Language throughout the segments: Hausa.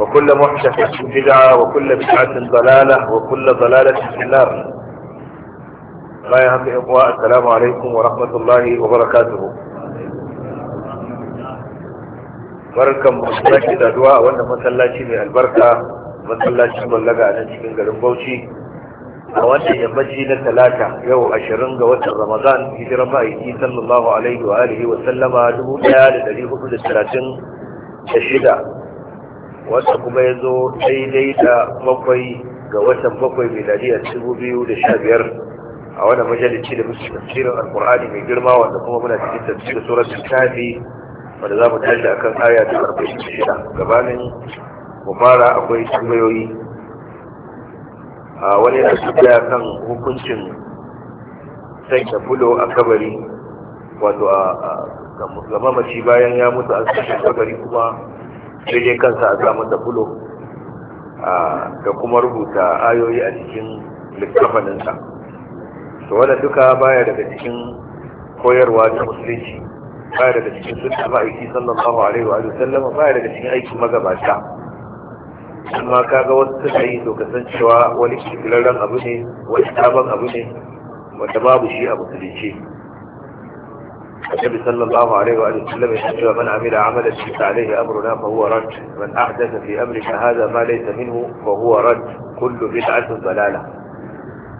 وكل محدثة بدعة وكل بدعة ضلالة وكل ضلالة في النار لا يهم إخوة السلام عليكم ورحمة الله وبركاته بركة مسلاك الأدواء وأن مسلاتي من البركة مسلاتي من لقى أن تكون قلن بوشي وأن يمجي لثلاثة يو أشرنق وتر رمضان هجر مائتي صلى الله عليه وآله وسلم دبو لها لدليه قد الثلاثين الشدة wanda kuma ya zo daidai da bakwai ga watan bakwai miladiyar dubu biyu da sha biyar a wani majalisi da musu tafsirin alkur'ani mai girma wanda kuma muna cikin tafsirin surat tafi wanda za mu tashi akan aya ta arba'in da shida gabanin mu fara akwai tambayoyi a wani yana tambaya kan hukuncin sanya fulo a kabari wato a ga mamaci bayan ya mutu an sanya kabari kuma daidai kansa a samu da bulo da kuma rubuta ayoyi a cikin littafaninsa to wanda duka baya daga cikin koyarwa ta musulunci baya daga cikin sunna ma'aiki sallallahu alaihi wa sallama baya daga cikin aikin magabata amma kaga wasu suna yi to cewa wani kirkirarren abu ne wani sabon abu ne wanda babu shi a musulunci النبي صلى الله عليه وآله وسلم يقول من عمل عملا ليس عليه أمرنا فهو رد من أحدث في أمرنا هذا ما ليس منه فهو رد كل بدعة ضلالة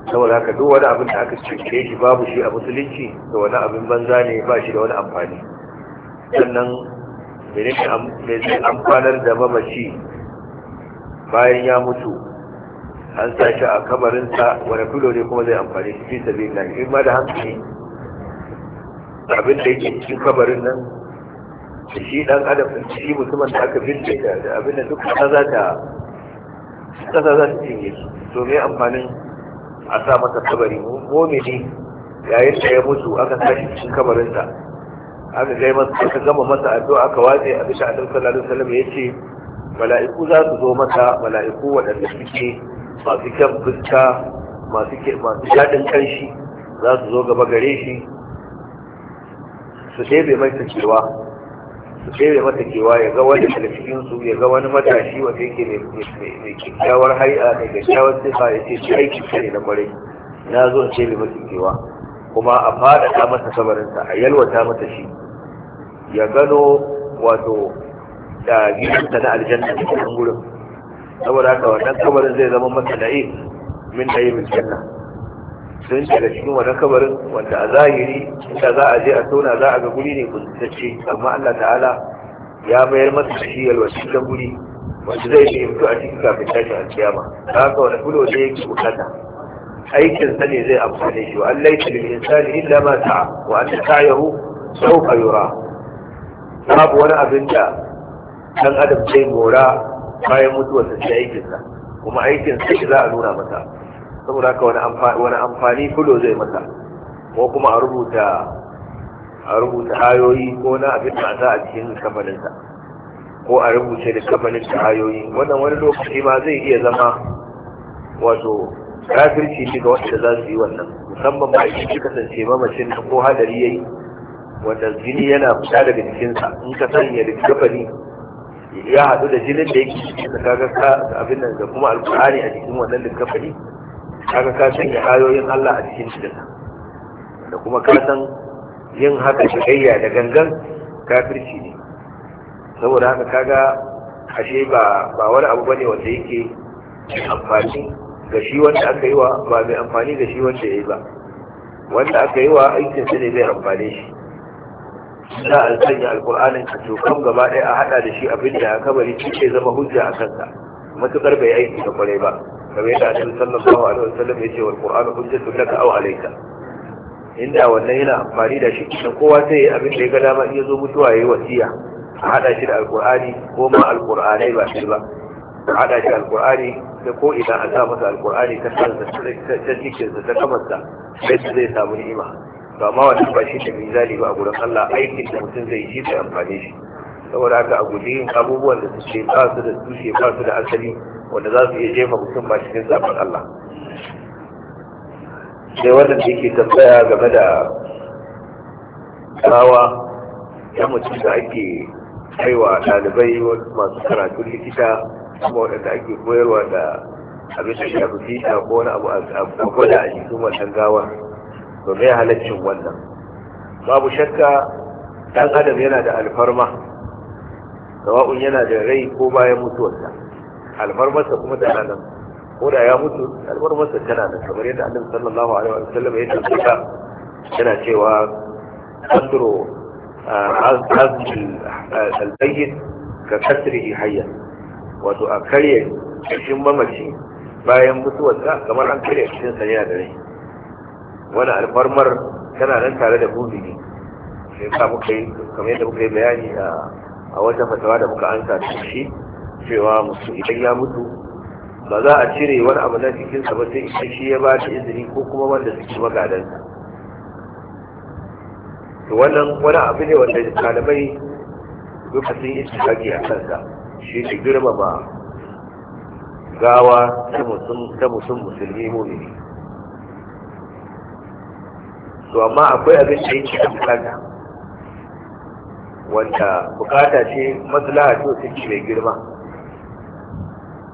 saboda haka duk wani abin da aka cike shi babu shi a musulunci da wani abin banza ne ba shi da wani amfani sannan mene zai amfanar da mamaci bayan ya mutu an sa shi a kamarinsa wani filo ne kuma zai amfani shi fi ma da hankali abin da yake cikin kabarin nan da shi dan adam da shi mutumin da aka binne da abin da duk kasa za ta kasa za ta cinye su to me amfanin a sa masa kabari momini yayin da ya mutu aka sa shi cikin sa aka gai masa aka gama masa addu'a aka wace a bisa annabi sallallahu alaihi wasallam yace mala'iku za su zo masa mala'iku waɗanda suke masu kyan fuska masu masu daɗin kanshi za su zo gaba gare shi su ɗebe mata cewa su ɗebe mata cewa ya ga wani halittun su ya ga wani matashi wanda yake mai kyakkyawar hari'a mai kyakkyawar sifa ya ce shi aiki kare na kwarai na zo in ɗebe mata cewa kuma a faɗaɗa masa samarinsa a yalwata mata shi ya gano wato da gidanta na aljanna cikin gurin saboda haka wannan kamarin zai zama masa na'im min na'imin janna sun da cikin wani kabarin wanda a zahiri inda za a je a tona za a ga guri ne kuntacce amma Allah ta'ala ya mayar masa shi yalwacin da guri wanda zai yi mutu a cikin kafin tashi a kiyama ta haka wani gudu da yake bukata aikin sa ne zai amfane shi wa Allah ya lil insani illa ma sa'a wa an sau ka yura babu wani abin da dan adam zai mora bayan mutuwarsa sai aikin sa kuma aikin sa za a nuna masa saboda haka wani amfani fulo zai mata ko kuma a rubuta a rubuta ayoyi ko na abin da za a cikin kafaninsa ko a rubuce da kafaninsa ayoyi wannan wani lokaci ma zai iya zama wato kafirci shi ga wanda za su yi wannan musamman ba shi shi kasance mamacin da ko hadari yayi wanda jini yana fita daga jikinsa in ka sanya da kafani ya haɗu da jinin da yake cikin ka ga abin nan da kuma alƙur'ani a cikin wannan da kafani kaga ka sanya ayoyin Allah a cikin shi da kuma ka san yin haka shigayya da gangan kafirci ne saboda haka kaga ashe ba ba wani abu bane wanda yake amfani ga shi wanda aka yi wa ba mai amfani ga shi wanda ya yi ba wanda aka yi wa aikin sa ne zai amfane shi za a sanya alkur'anin a tokan gaba ɗaya a haɗa da shi abin da kabari shi ke zama hujja a kansa matuƙar bai aiki da kwarai ba kamar yadda annabi sallallahu alaihi wasallam yace wal qur'anu hujjatun laka aw alayka inda wannan yana amfani da shi kisan kowa sai ya abin da ya ga dama in ya zo mutuwa yayi wasiya a hada shi da alqur'ani ko ma alqur'anai ba shi ba a hada shi alqur'ani da ko idan a sa masa alqur'ani ta kansa ta cikin sa ta kamarsa sai zai samu ni'ima to amma wannan ba shi da mizali ba a gurin Allah aikin da mutum zai yi shi amfani shi saboda haka a guji abubuwan da suke ba su da tushe ba su da asali wanda za su iya jefa mutum ba cikin zaɓen Allah sai wannan da yake tambaya game da tsawa ya mutum da ake kaiwa ɗalibai masu karatun likita kuma waɗanda ake koyarwa da abin da shafi fita ko wani abu a da a jikin wannan gawar domin halaccin wannan babu shakka ɗan adam yana da alfarma gawa'un yana da rai ko bayan mutuwarsa alfarmarsa kuma tana nan ko da ya mutu alfarmarsa tana nan kamar yadda annabi sallallahu alaihi wa sallam ya tabbata yana cewa qadru ah, azmi ah, al-bayt ka kasrihi hayya wato a karye cikin mamaci bayan mutuwarsa kamar an karye cikin sa yana da rai wani alfarmar tana nan tare da mumini sai ka muka yi kamar yadda muka yi bayani a wata fatawa da muka ansa ta shi cewa musu idan ya mutu ba za a cire wani abu na sa ba sai idan shi ya ba da izini ko kuma wanda suke magadansa to wannan wani abu ne wanda talibai duka sun yi tsaki a kansa shi ne girmama gawa ta mutum musulmi mumini to amma akwai abin da yake da bukata wanda bukata ce maslaha ce take mai girma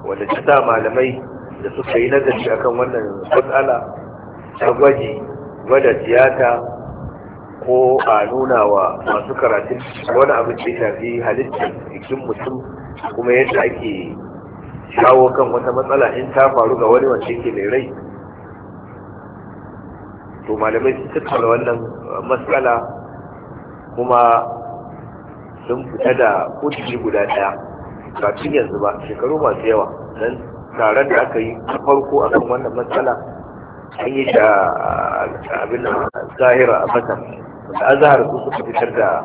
wanda ta sa malamai da suka yi nazari akan wannan matsala ta gwaji gwada tiyata ko a nuna wa masu karatun wani abin da ya shafi halittar jikin mutum kuma yadda ake shawo kan wata matsala in ta faru ga wani wanda yake mai rai to malamai sun tattara wannan matsala kuma sun fita da kudi guda ɗaya ba yanzu ba shekaru masu yawa don taron da aka yi a farko a kan wannan matsala an yi da abin zahira a fata da azahar su suka fitar da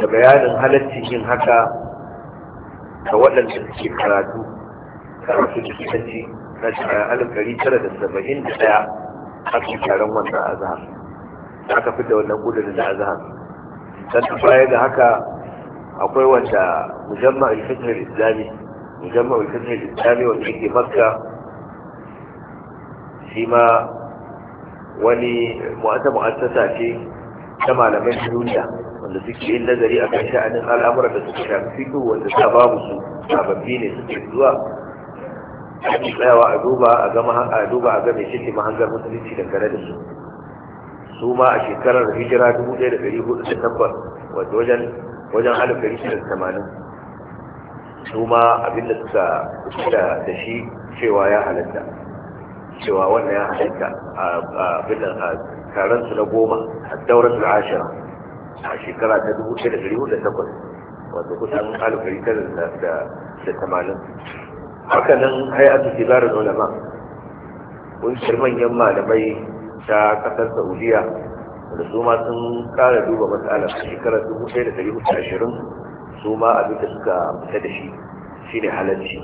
da bayanin halaccin yin haka ga waɗanda suke karatu karatu jikitanci na shekarar alif ɗari tara da saba'in da ɗaya a cikin taron wannan azahar da aka fi da wannan gudun da azahar sannan baya da haka akwai wanda mujamma al-fitr islami mujamma al-fitr islami wanda yake makka shi ma wani mu'ata mu'assasa ce ta malaman duniya wanda suke yin nazari a kan sha'anin al'amuran da suka shafi fito wanda ta babu su sababbi ne suke zuwa ake tsayawa a duba a gama a duba a game shi mahangar musulunci dangane da su su ma a shekarar hijira 1408 wato wajen wajen alif ɗari shida da tamanin su ma abin da suka kusa da shi cewa ya halatta cewa wannan ya halatta abin da a taron na goma a daurar su ashira a shekara ta dubu ɗaya da ɗari hudu da takwas wato kusan alif ɗari tara da tamanin haka nan hay'atu kibarin ulama ƙungiyar manyan malamai ta ƙasar saudiya da su ma sun kara duba matsala a shekarar 1420 su ma abin da suka fita da shi shi ne halarci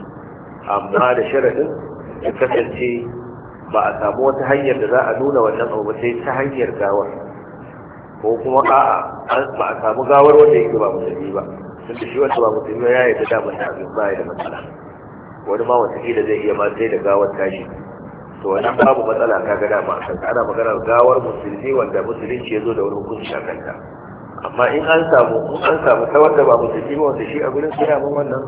amma da sharaɗin ya kasance ba a samu wata hanyar da za a nuna wannan abu sai ta hanyar gawar ko kuma a'a ba a samu gawar wanda yake ba musulmi ba tunda shi wanda ba musulmi ya yi da damar da abin ba ya da matsala wani ma wata zai iya ma sai da gawar tashi to wannan babu matsala ka ga dama a kanka ana maganar gawar musulmi wanda musulunci ya zo da wani hukunci a kanka amma in an samu in an samu ta wanda ba musulmi ba wanda shi a gurin suna mun wannan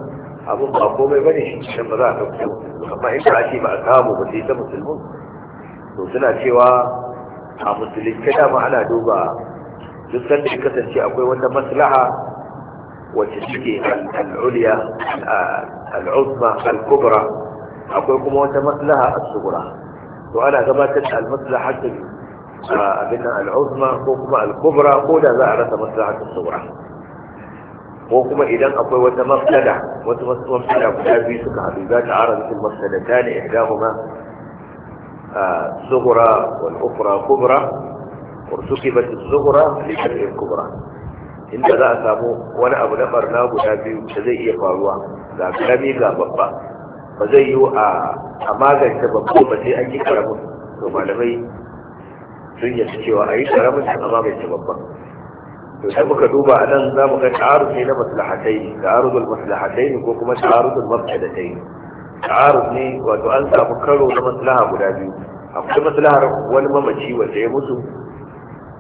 abun ba komai bane shi cikin ba za a ɗauke amma in ba a ce ba a samu ba sai ta musulmin to suna cewa a musulunci dama ana duba duk sanda ya kasance akwai wata maslaha وتشكي العليا akwai kuma wata maslaha a tsugura. وأنا كما تسال مصلحه أبنى العظمى وقم الكبرى قد ذاعرت مثلة حتى الصورة وقم إذن أطوى تمثلة وتمثلة في سكة حبيبات في المثلتان إحداهما صغرى آه، والأخرى كبرى وارتكبت الصغرى لشكل الكبرى انت ذا أسامو وانا أبو نفر نابو نابي وشذي إيقاروها ذا كلامي قابقا ba zai yi a magance babban ba sai an yi karamin to malamai sun yi cewa a yi karamin a magance babban to sai muka duba a nan za mu ga ta'aruf ne na maslahatai ne ta'arufin maslahatai ne ko kuma ta'arufin mafsadatai ne ta'aruf ne wato an samu karo na maslaha guda biyu akwai maslahar wani mamaci wanda ya mutu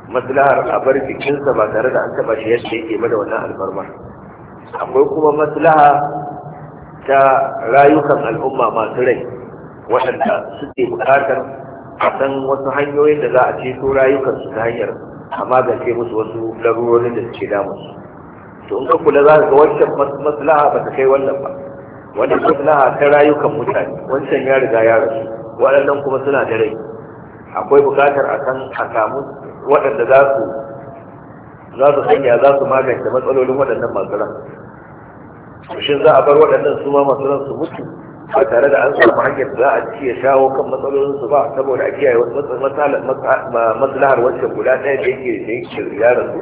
maslahar a bar bikinsa ba tare da an taba shi yadda yake ba da wannan alfarmar akwai kuma maslaha ta rayukan al'umma masu rai waɗanda suke buƙatar a san wasu hanyoyin da za a ceto rayukansu ta hanyar a magance musu wasu larurorin da suke damu to in ka kula za ka ga wancan maslaha ba ta kai wannan ba Wani maslaha ta rayukan mutane wancan ya riga ya rasu waɗannan kuma suna da rai akwai buƙatar a san a samu waɗanda za su za su sanya za su magance matsalolin waɗannan masu ran shin za a bar waɗannan su ma masu ransu mutu ba tare da an samu hanyar za a ci ya shawo kan matsalolinsu ba saboda a kiyaye maslahar wancan guda ɗaya da yake da yake ya rasu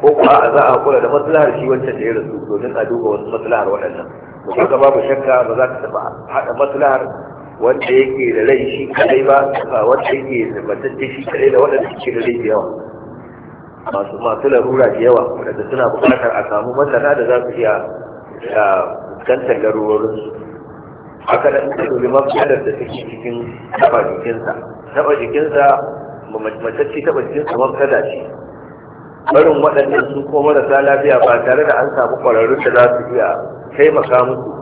ko kuwa a za a kula da maslahar shi wacce da ya rasu domin a duba wasu maslahar waɗannan mutum babu shakka ba za ka taɓa haɗa maslahar wanda yake da rai shi kadai ba ba wanda yake da batacce shi kadai da waɗanda suke da rai da yawa masu masu larura da yawa waɗanda suna buƙatar a samu masana da za su iya fuskantar su. haka da suka dubi mafiyar da take cikin taba jikinsa taba jikinsa matacci taba jikinsa mafiyar ce barin waɗannan su ko marasa lafiya ba tare da an samu ƙwararrun da za su iya taimaka musu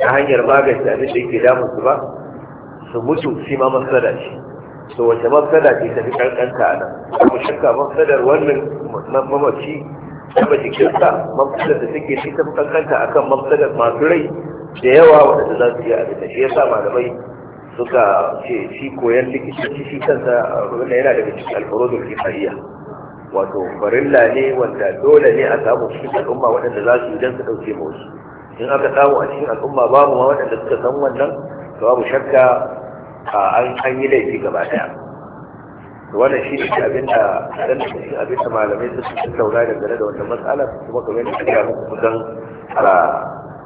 ta hanyar magance abin da yake damun su ba su mutu shi ma mafiyar ce to wace mafiyar ce ta fi kankanta a nan mu shakka mafiyar wannan mamaci taba jikinsa mafsadar da suke shi ta kankanta akan mafsadar masu rai da yawa waɗanda za su yi a da shi ya sa malamai suka ce shi koyar likitanci shi kansa wanda yana daga cikin alfarodin kifariya wato farilla ne wanda dole ne a samu cikin al'umma waɗanda za su yi don su ɗauke ma wasu in aka samu a cikin al'umma babu ma waɗanda suka san wannan to babu shakka an yi laifi gaba ɗaya wannan shi ne abin da dan abin da malamai su su tauna gare da wannan matsalar kuma kamar yadda kira muku kusan a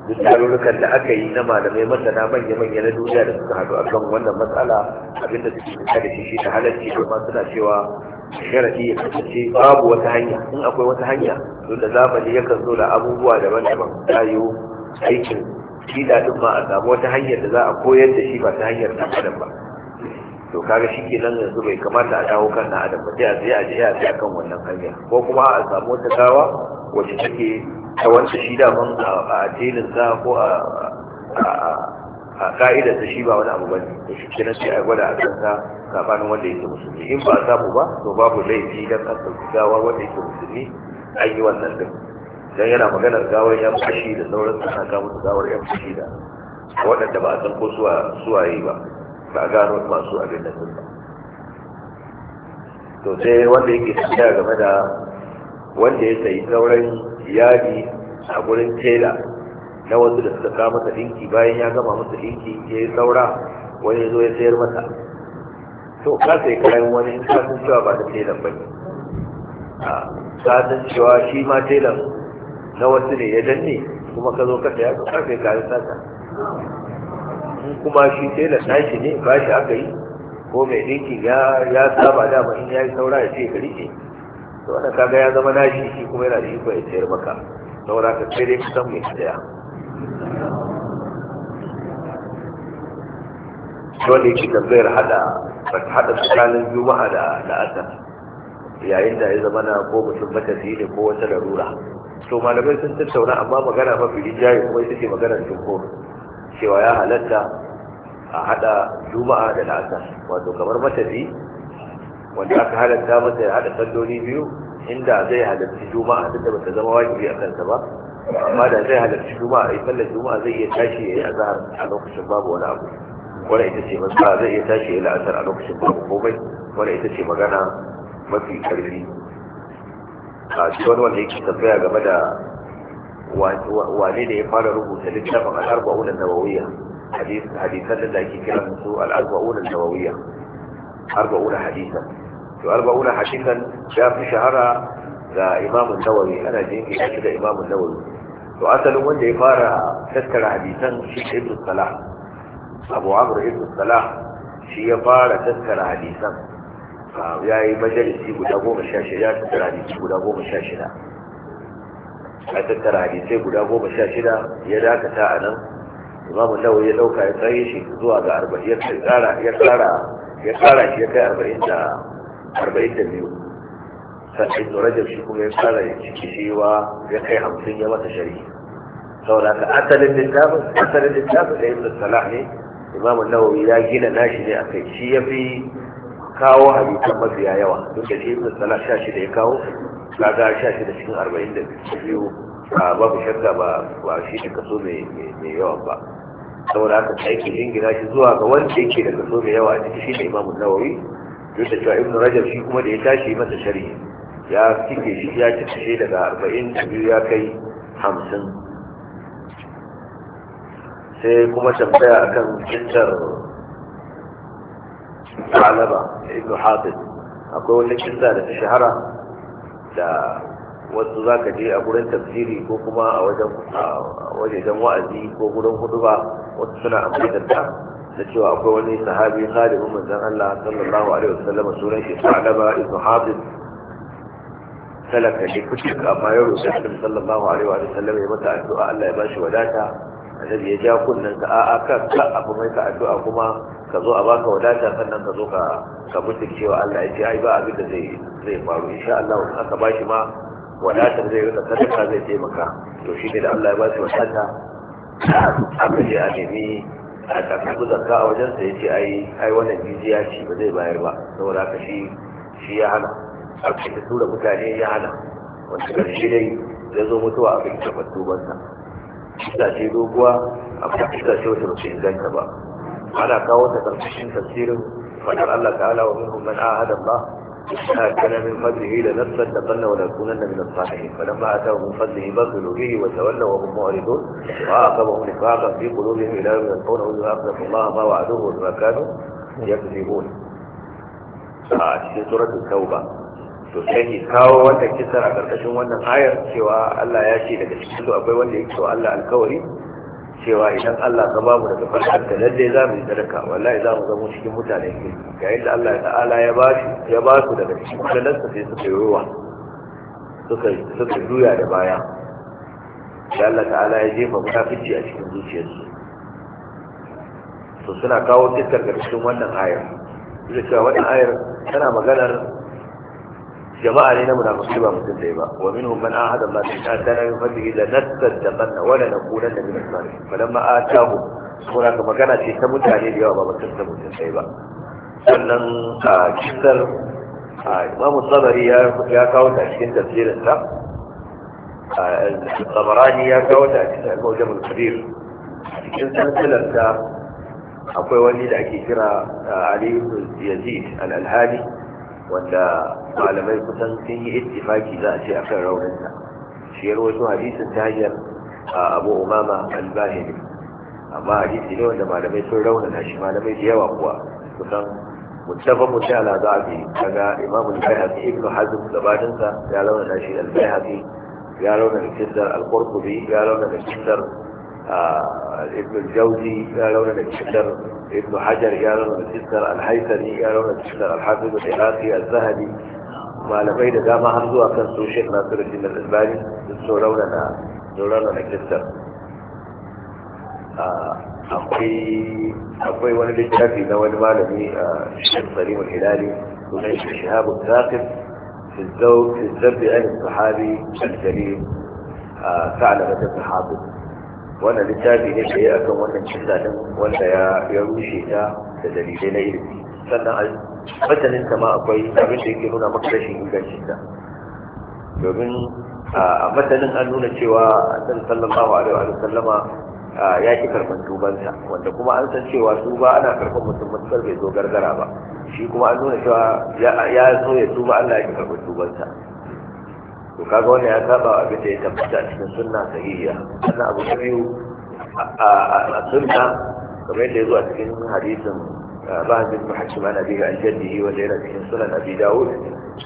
duk tarurrukan da aka yi na malamai masana manya-manya na duniya da suka haɗu akan wannan matsala abin da suke fita da shi shi ta halarci amma suna cewa sharadi ya kasance babu wata hanya in akwai wata hanya don da zamani yakan zo da abubuwa daban-daban tayo aikin shi daɗin ma a samu wata hanyar da za a koyar da shi ba ta hanyar ɗan ba to kaga shi ke nan yanzu bai kamata a dawo kan na adam ba sai a je a je a je kan wannan hanya ko kuma a samu wata gawa wacce take ta wanda shi da mun a addinin sa ko a a ka'ida ta shi ba wani abu bane to shi kenan sai a gwada a kan sa sabanin wanda yake musulmi in ba a samu ba to babu laifi dan an sauki gawa wanda yake musulmi an yi wannan din dan yana maganar gawar yan fashi da sauran suna ga musu gawar yan fashi da waɗanda ba a san ko suwaye ba ka a gano masu abin da sun ba to sai wanda yake tafiya game da wanda ya sayi sauran yadi a gurin tela na wasu da suka kama masa dinki bayan ya gama masa dinki ya yi saura wani ya zo ya sayar masa to ka sai kayan wani in ka san cewa ba ta telan ba ne ka san cewa shi ma telan na wasu ne ya danne kuma ka zo ka saya ka sai kayan sata in kuma shi na tashi ne ba shi aka yi ko mai dinki ya saba dama in ya yi saura ya ce ka rike to wannan kaga ya zama nashi shi kuma yana da iko ya sayar maka saura ka sai dai kusan mai tsaya wanda yake tambayar hada hada tsakanin juma'a da da asar yayin da ya zama na ko mutum matafiyi ne ko wata larura to malamai sun tattauna amma magana mafi jayi kuma ita ce maganar jumhur cewa ya halatta a hada juma'a da la'asar wato kamar matafi wanda aka halatta masa ya hada sandoni biyu inda zai halarci juma'a duk da bata ta zama wajibi a kansa ba amma da zai halarci juma'a ai sallar juma'a zai iya tashi ya yi azhar a lokacin babu wani abu wanda ita ce masu zai iya tashi ya yi la'asar a lokacin babu komai wanda ita ce magana mafi karfi a cikin wanda yake tambaya game da wane da ya fara rubuta littafin al'arba'un an-nawawiyya hadisan da ake kiran su al'arba'un an-nawawiyya arba'un hadisan to arba'un hadisan ya fi shahara ga Imam an-Nawawi ana jinkirta shi da Imam an-Nawawi to asalin wanda ya fara tattara hadisan shi Ibn Salah Abu Amr Ibn Salah shi ya fara tattara hadisan ah, ya yi majalisi guda goma sha shida tattara hadisi guda goma sha shida a tattara hadisai guda goma sha shida ya dakata a nan imamu nawa ya dauka ya tsaye shi zuwa ga arba'in ya tsara ya tsara shi ya kai arba'in da arba'in da biyu sannan da rajab shi kuma ya tsara ya ciki shi wa ya kai hamsin ya masa shari'i saboda ka asalin littafin asalin littafin da ibn salah ne imamu nawa ya gina nashi ne a kai shi ya fi kawo hadisan mafiya yawa duk da shi ibn salah sha shi ya kawo kaga sha shi da cikin arba'in da biyu babu shakka ba ba shi ne kaso mai yawa ba saboda haka aiki jingina shi zuwa ga wanda yake da kaso mai yawa a ciki shi ne imamun nawawi duk da cewa ibnu rajab shi kuma da ya tashi masa sharhi ya cike shi ya cike shi daga arba'in da biyu ya kai hamsin sai kuma tambaya akan kintar alaba ibnu hafiz akwai wani kinta da ta shahara da wasu za ka je a gurin tafsiri ko kuma a wajen wajen wa'azi ko gurin ba wasu suna amfani da da cewa akwai wani sahabi khalimin manzon Allah sallallahu alaihi wasallam sunan shi Sa'laba ibn Habib talaka ne kucin amma ya roƙi Annabi sallallahu alaihi wa ya mata addu'a Allah ya bashi wadata annabi ya ja kunnen ka a'a ka abu mai ka addu'a kuma ka zo a baka wadata sannan ka zo ka ka mutum cewa Allah ya ce ai ba abin da zai zai faru insha Allah aka bashi ma wadatar zai rika ka zai taimaka to shi ne da Allah ya ba shi wadata aka je a nemi a karɓi zakka a wajensa ya ce ai ai wannan jijiya shi ba zai bayar ba saboda haka shi shi ya hana a ta tura mutane ya hana wanda ƙarshe dai zai zo mutuwa a cikin tabbatar bansa. Ita ce doguwa a cikin ita ce wata mutum inganta ba. على قوت تلقشين تفسيره فقال الله تعالى ومنهم من عاهد الله إذا كان من فضله لنصدقن ولكونن من الصالحين فلما أتوا من فضله بغلوا به وتولوا وهم معرضون وآقبهم نفاقا في قلوبهم إلى يوم يلقون وإذا أقدم الله ما وعدوه وما كانوا يكذبون آه، سورة التوبة تسيني كاو وانت كسر على الكشم وانا آية خير سوى الله ياشي لك الشكل أبوي وانا يكسو الله الكوري cewa idan Allah ka bamu daga farkar da lalle za mu yi sadaka wallahi za mu zama cikin mutane kirki yayin da Allah ta'ala ya basu ya basu daga cikin kudalansa sai suka yi ruwa suka suka juya da baya sai Allah ta'ala ya jefa munafici a cikin zuciyarsu to suna kawo tikkar ga cikin wannan ayar zai cewa wannan ayar tana maganar jama'a ne na munafikai ba mutum da ba wa minhum man ahada Allah ta'ala ta nan fadi la nasaddanna wa la naqulanna min al a ta atahu kuma ka magana ce ta mutane da yawa ba mutum da mutum da ba sannan a kisar Imamu Sabari ya kawo ta cikin tafsirin sa Tabarani ya kawo ta cikin Al-Mawjam al-Kabir cikin sanadar ta akwai wani da ake kira Aliyu, Yazid al-Alhadi wanda malamai kusan sun yi ittifaki za a ce akan rauninta shi ya rawaito hadisin ta hanyar abu umama albahiri amma hadisi ne wanda malamai sun raunana shi malamai da yawa kuwa kusan mutafa mutu ala zafi daga imamu al-bayhaqi ibn hazm gabaninsa ya raunana shi al-bayhaqi ya raunana kisar al-qurtubi ya raunana kisar آه، ابن الجوزي يرون بشكر ابن حجر يرون بشكر الحيثني يرون بشكر الحافظ العراقي الذهبي ما لقينا دام همزو أكن سو شيخ ناصر الدين الإسباني يرون بشكر بشكر أخوي أخوي وانا بشكر نوان ما لبي آه، الشيخ سليم الهلالي وليش شهاب الثاقب في الزوج في الزبد عن الصحابي الكريم آه، ثعلبة حافظ wannan littafi ne da ya akan wannan cinta wanda ya rushe ta da dalilai na ilimi sannan a fatanin ta ma akwai abin da yake nuna maka rashin ingancin ta domin a matanin an nuna cewa annabi sallallahu alaihi wa sallama ya ki karban dubanta, wanda kuma an san cewa su ba ana karban mutum mutukar bai zo gargara ba shi kuma an nuna cewa ya zo ya tuba Allah ya ki karban dubanta. to kaga wannan ya saba abin da ya tabbata a cikin sunna sahihiya sannan abu na biyu a sunna kamar yadda ya zo a cikin hadisin بعد المحكم عن أبيه عن جده وليلة من سنن أبي داود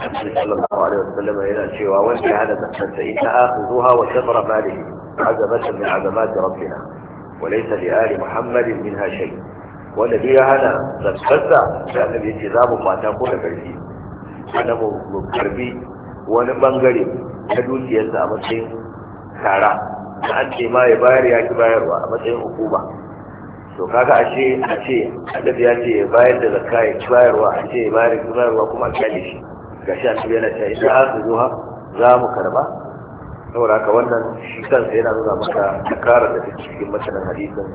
صلى الله عليه وسلم إلى الشيوى وانت على نفسك إن آخذها وشطر ماله عزمة من عزمات ربنا وليس لآل محمد منها شيء والذي هنا نفسك كان الانتظام ما تقول فرسي أنا مكربي wani bangare na dukiyarsa a matsayin tara da an ce ma ya bayar ya ki bayarwa a matsayin hukuma to kaka a ce a ce a ya ce ya bayar da zakka ya ki bayarwa a ce ya bayar ya ki bayarwa kuma a kyale shi gashi annabi yana cewa idan an zo ha za mu karba saboda haka wannan shi kansa yana nuna maka nakara da take cikin matsalan hadisin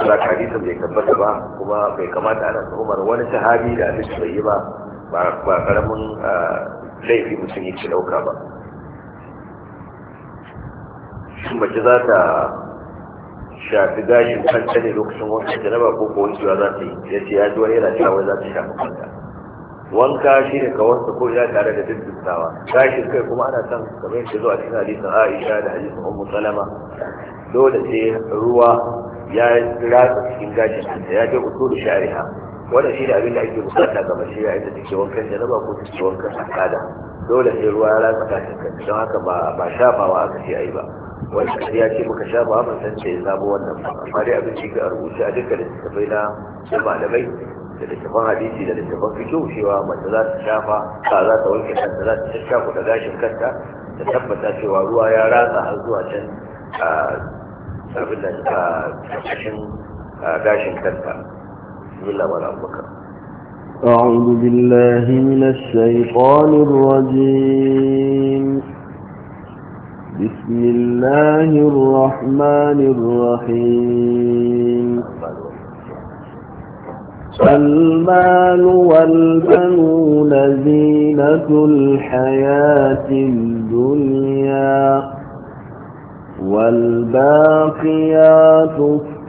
saboda hadisin bai tabbata ba kuma bai kamata ana Umar. wani sahabi da abin bai yi ba ba karamin laifi mutum yake dauka ba shin mace za ta shafi gashin kanta ne lokacin wankan janaba ko ko wankewa za ta yi ya ce ya ji wani yana cewa za ta shafi kanta wanka shi ne kawar ta ko ina tare da dindintawa gashin kai kuma ana son kamar yadda zuwa cikin hadisin aisha da hadisin ummu salama dole sai ruwa ya ratsa cikin gashin kanta ya kai usul shari'a wannan shi ne abin da ake bukata ga shi yayin da take wankan da janaba ko take wankan al'ada dole sai ruwa ya ratsa kafin kanta don haka ba shafawa aka ce a yi ba wanda ya ce muka shafawa ban san sai ya samu wannan ba amma dai abin shi ga rubuce a dukkan littattafai na malamai da littattafan hadisi da littattafan fito cewa mace za ta shafa ta za ta wanke kanta za ta shafa da gashin kanta ta tabbata cewa ruwa ya ratsa har zuwa can a abin da ta kashin gashin kanta بسم الله ولا بكر أعوذ بالله من الشيطان الرجيم بسم الله الرحمن الرحيم المال والبنون زينة الحياة الدنيا والباقيات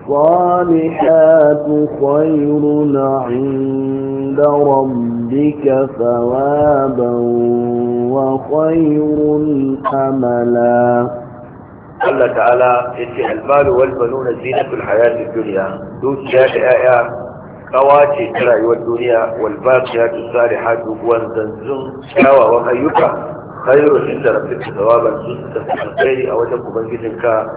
الصالحات خير عند ربك ثوابا وخير أملا الله تعالى يتي المال والبنون زينة الحياة الدنيا دون جائعة قواتي ترى والدنيا والباقيات الصالحات وانزنزن شاوى ومن يكره خير عند ربك ثوابا سنة الخير أو تكون بنجدك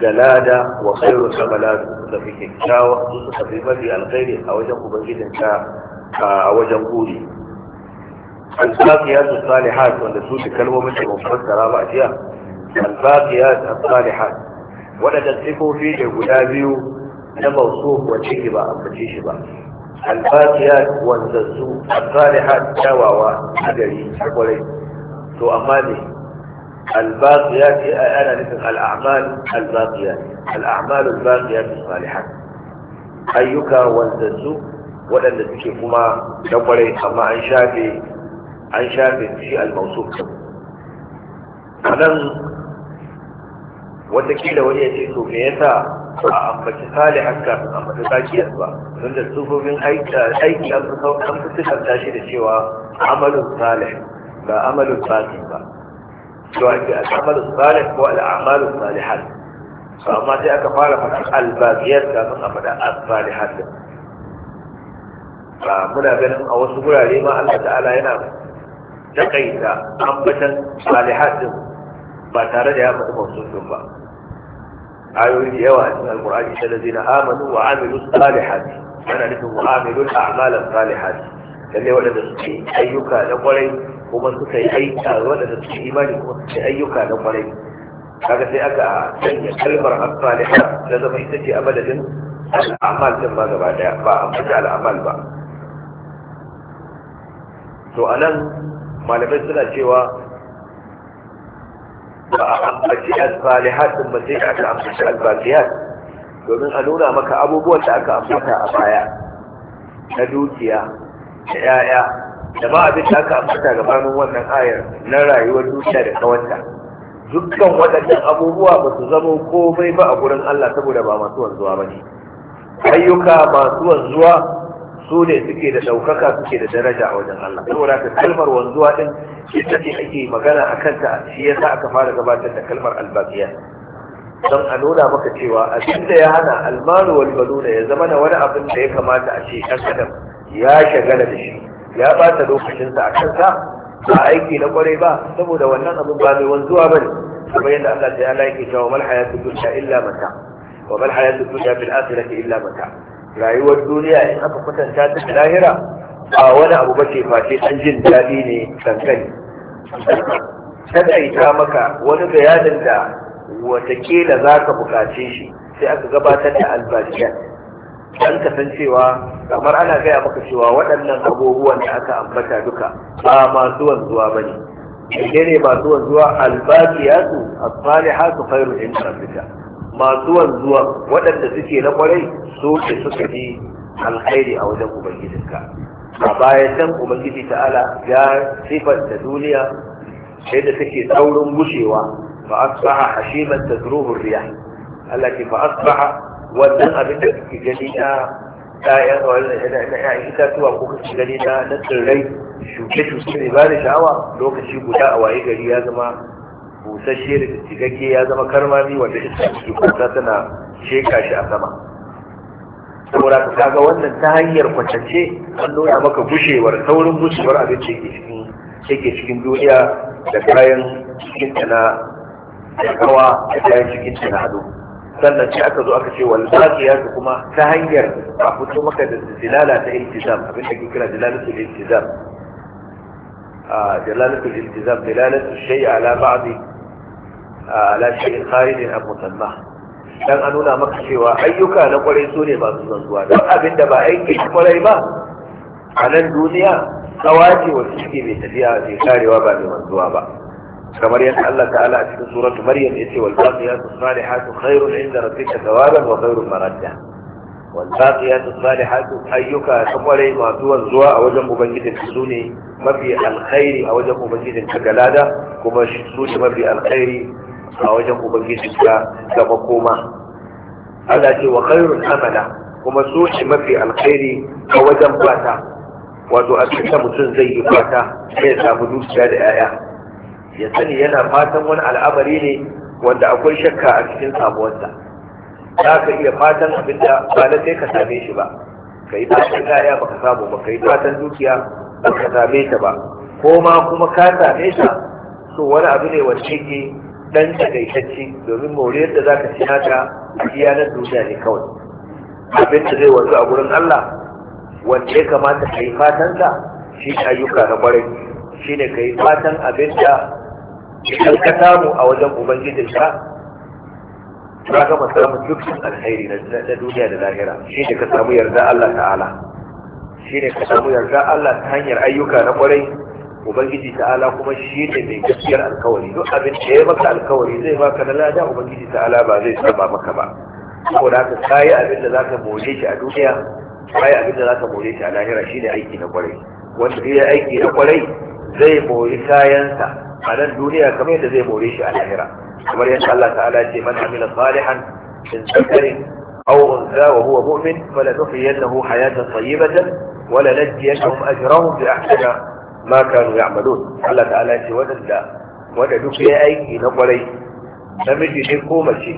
da lada wa kairun sama lada da fi kyakkyawa sun suka mafi alkhairi a wajen ubangijin ta a wajen guri al-baqiyat as-salihat wanda su ta kalmomin da mun fassara ba jiya al-baqiyat as-salihat wanda ne guda biyu na mawsuf wa cike ba amma shi ba al-baqiyat wanda su as-salihat tawawa a gari a kwarai to amma ne الباقيات أنا نفهم الأعمال الباقيات الأعمال الباقيات الصالحات أيك والدسو waɗanda suke kuma na kwarai amma an shafe shi almausuf din a nan watakila wani ya ce to me yasa ba a ambaci sale an kafin a ba don da aiki an fi shi cewa amalin ba ba cewa ake al'amalu salih ko al'amalu salihan to amma sai aka fara faɗa albabiyar kafin a faɗa as-salihan din muna ganin a wasu gurare ma Allah ta'ala yana takaita ambatan salihan din ba tare da ya faɗi mawsufin ba ayoyi da yawa a cikin alqur'ani ta lazina amanu wa amilu salihat yana nufin wa amilu al-a'mal as-salihat lalle waɗanda suke ayyuka na ƙwarai kuma suka yi aika waɗanda suke imani kuma suke ayyuka na kwarai kaga sai aka sanya kalmar as-saliha zama ita ce a madadin al'amal din ma gaba daya ba a mace al'amal ba to anan malamai suna cewa ba a ambaci al-salihat din ba sai aka ambaci al domin a nuna maka abubuwan da aka ambata a baya na dukiya da 'ya'ya da ba abin da aka ambata gabanin wannan ayar na rayuwar duniya da kawanta. dukkan waɗannan abubuwa ba su zama komai ba a gurin Allah saboda ba masu wanzuwa ba ne ayyuka masu wanzuwa su ne suke da ɗaukaka suke da daraja a wajen Allah saboda ka kalmar wanzuwa ɗin ita ce ake magana a kanta shi sa aka fara gabatar da kalmar albaqiya don a nuna maka cewa abin da ya hana almaru wal baluna ya zama na wani abin da ya kamata a ce ɗan adam ya shagala da shi ya bata lokacinsa a kansa ba aiki na kwarai ba saboda wannan abin ba mai wanzuwa ba ne kamar yadda Allah ta yala yake cewa mal hayatu dunya illa mata wa mal hayatu dunya fil akhirati illa mata rayuwar duniya in aka kwatanta ta da lahira ba wani abu ba ce face dan jin daɗi ne kankani ta maka wani bayanin da watakila za ka bukace shi sai aka gabatar da albashiyar dan kasancewa kamar ana gaya maka cewa waɗannan abubuwan da aka ambata duka ba masu wanzuwa ba ne ne ne masu wanzuwa albaqiyatu as-salihatu khairun inda rabbika masu wanzuwa waɗanda suke na kwarai su ne suka ji alkhairi a wajen ubangijinka a bayan nan ubangiji ta'ala ya sifar da duniya yadda take saurin gushewa fa asbaha hashiman tazruhu riyah Allah ke fa asbaha wannan abin da kake gani na ɗayan 'ya'yan itatuwa ko kake gani na na tsirrai shuke-shuke ne ba da sha'awa lokaci guda a waye gari ya zama busasshe da cikakke ya zama karmami wanda iska ke kusa tana sheka shi a sama saboda ka kaga wannan ta hanyar kwatance an nuna maka gushewar saurin gushewar abin da cikin yake cikin duniya da kayan cikin na da kawa da kayan cikin na ado sannan sai aka zo aka ce wal baqiyatu kuma ta hanyar a fito maka da dilala ta iltizam abin da ke kira dilalatul iltizam dilalatul iltizam dilalatul shay ala ba'd ala shay'in kharij an musamma dan a nuna maka cewa ayyuka na kwarai su ne masu zuwa don abin da ba aiki kwarai ba a nan duniya tsawaje wacce ke mai tafiya mai karewa ba mai wanzuwa ba kamar yadda Allah ta'ala a cikin suratu Maryam yace wal baqiyatu salihatu khairun inda rabbika thawaban wa khairun maradda wal baqiyatu salihatu ayyuka sakware masu wanzuwa a wajen ubangijin su ne mafi alkhairi a wajen ubangijin ka galada kuma su ne mafi alkhairi a wajen ubangijin ka ga koma, Allah ce wa khairun amala kuma su ne mafi alkhairi a wajen bata wato a cikin mutum zai yi fata sai ya samu dukiya da 'ya'ya ya sani yana fatan wani al'amari ne wanda akwai shakka a cikin samuwarsa za ka iya fatan abin da ba na sai ka same shi ba ka yi fatan yaya ba ka samu ba ka yi fatan dukiya ba ka same ta ba ko ma kuma ka same ta so wani abu ne wanda yake dan tagaitacce domin moriyar da za ka ci nata a iya duniya ne kawai abin da zai wanzu a gurin Allah wanda ya kamata ka yi fatan fatansa shi ayyuka na kwarai shi ne ka yi fatan abin da idan ka samu a wajen ubangijinka ka gama samun dukkan alkhairi na duniya da lahira shi ne ka samu yarda Allah ta'ala shi ne ka samu yarda Allah ta hanyar ayyuka na ƙwarai, ubangiji ta'ala kuma shi ne mai gaskiyar alkawari duk abin da ya maka alkawari zai baka na lada ubangiji ta'ala ba zai saba maka ba saboda haka kayi abin da zaka more shi a duniya kayi abin da zaka more shi a lahira shi ne aiki na ƙwarai. wanda ya aiki na ƙwarai, zai bori kayansa a nan duniya kamar yadda zai more shi a lahira kamar yadda Allah ta'ala ce man amila salihan min zakarin aw unsa wa huwa mu'min falanuhyiyannahu hayatan tayyibatan wa lanajziyannahum ajrahum bi ahsani ma kanu ya'malun Allah ta'ala ce wadanda wanda duk ya aiki na kwarai namiji ne ko mace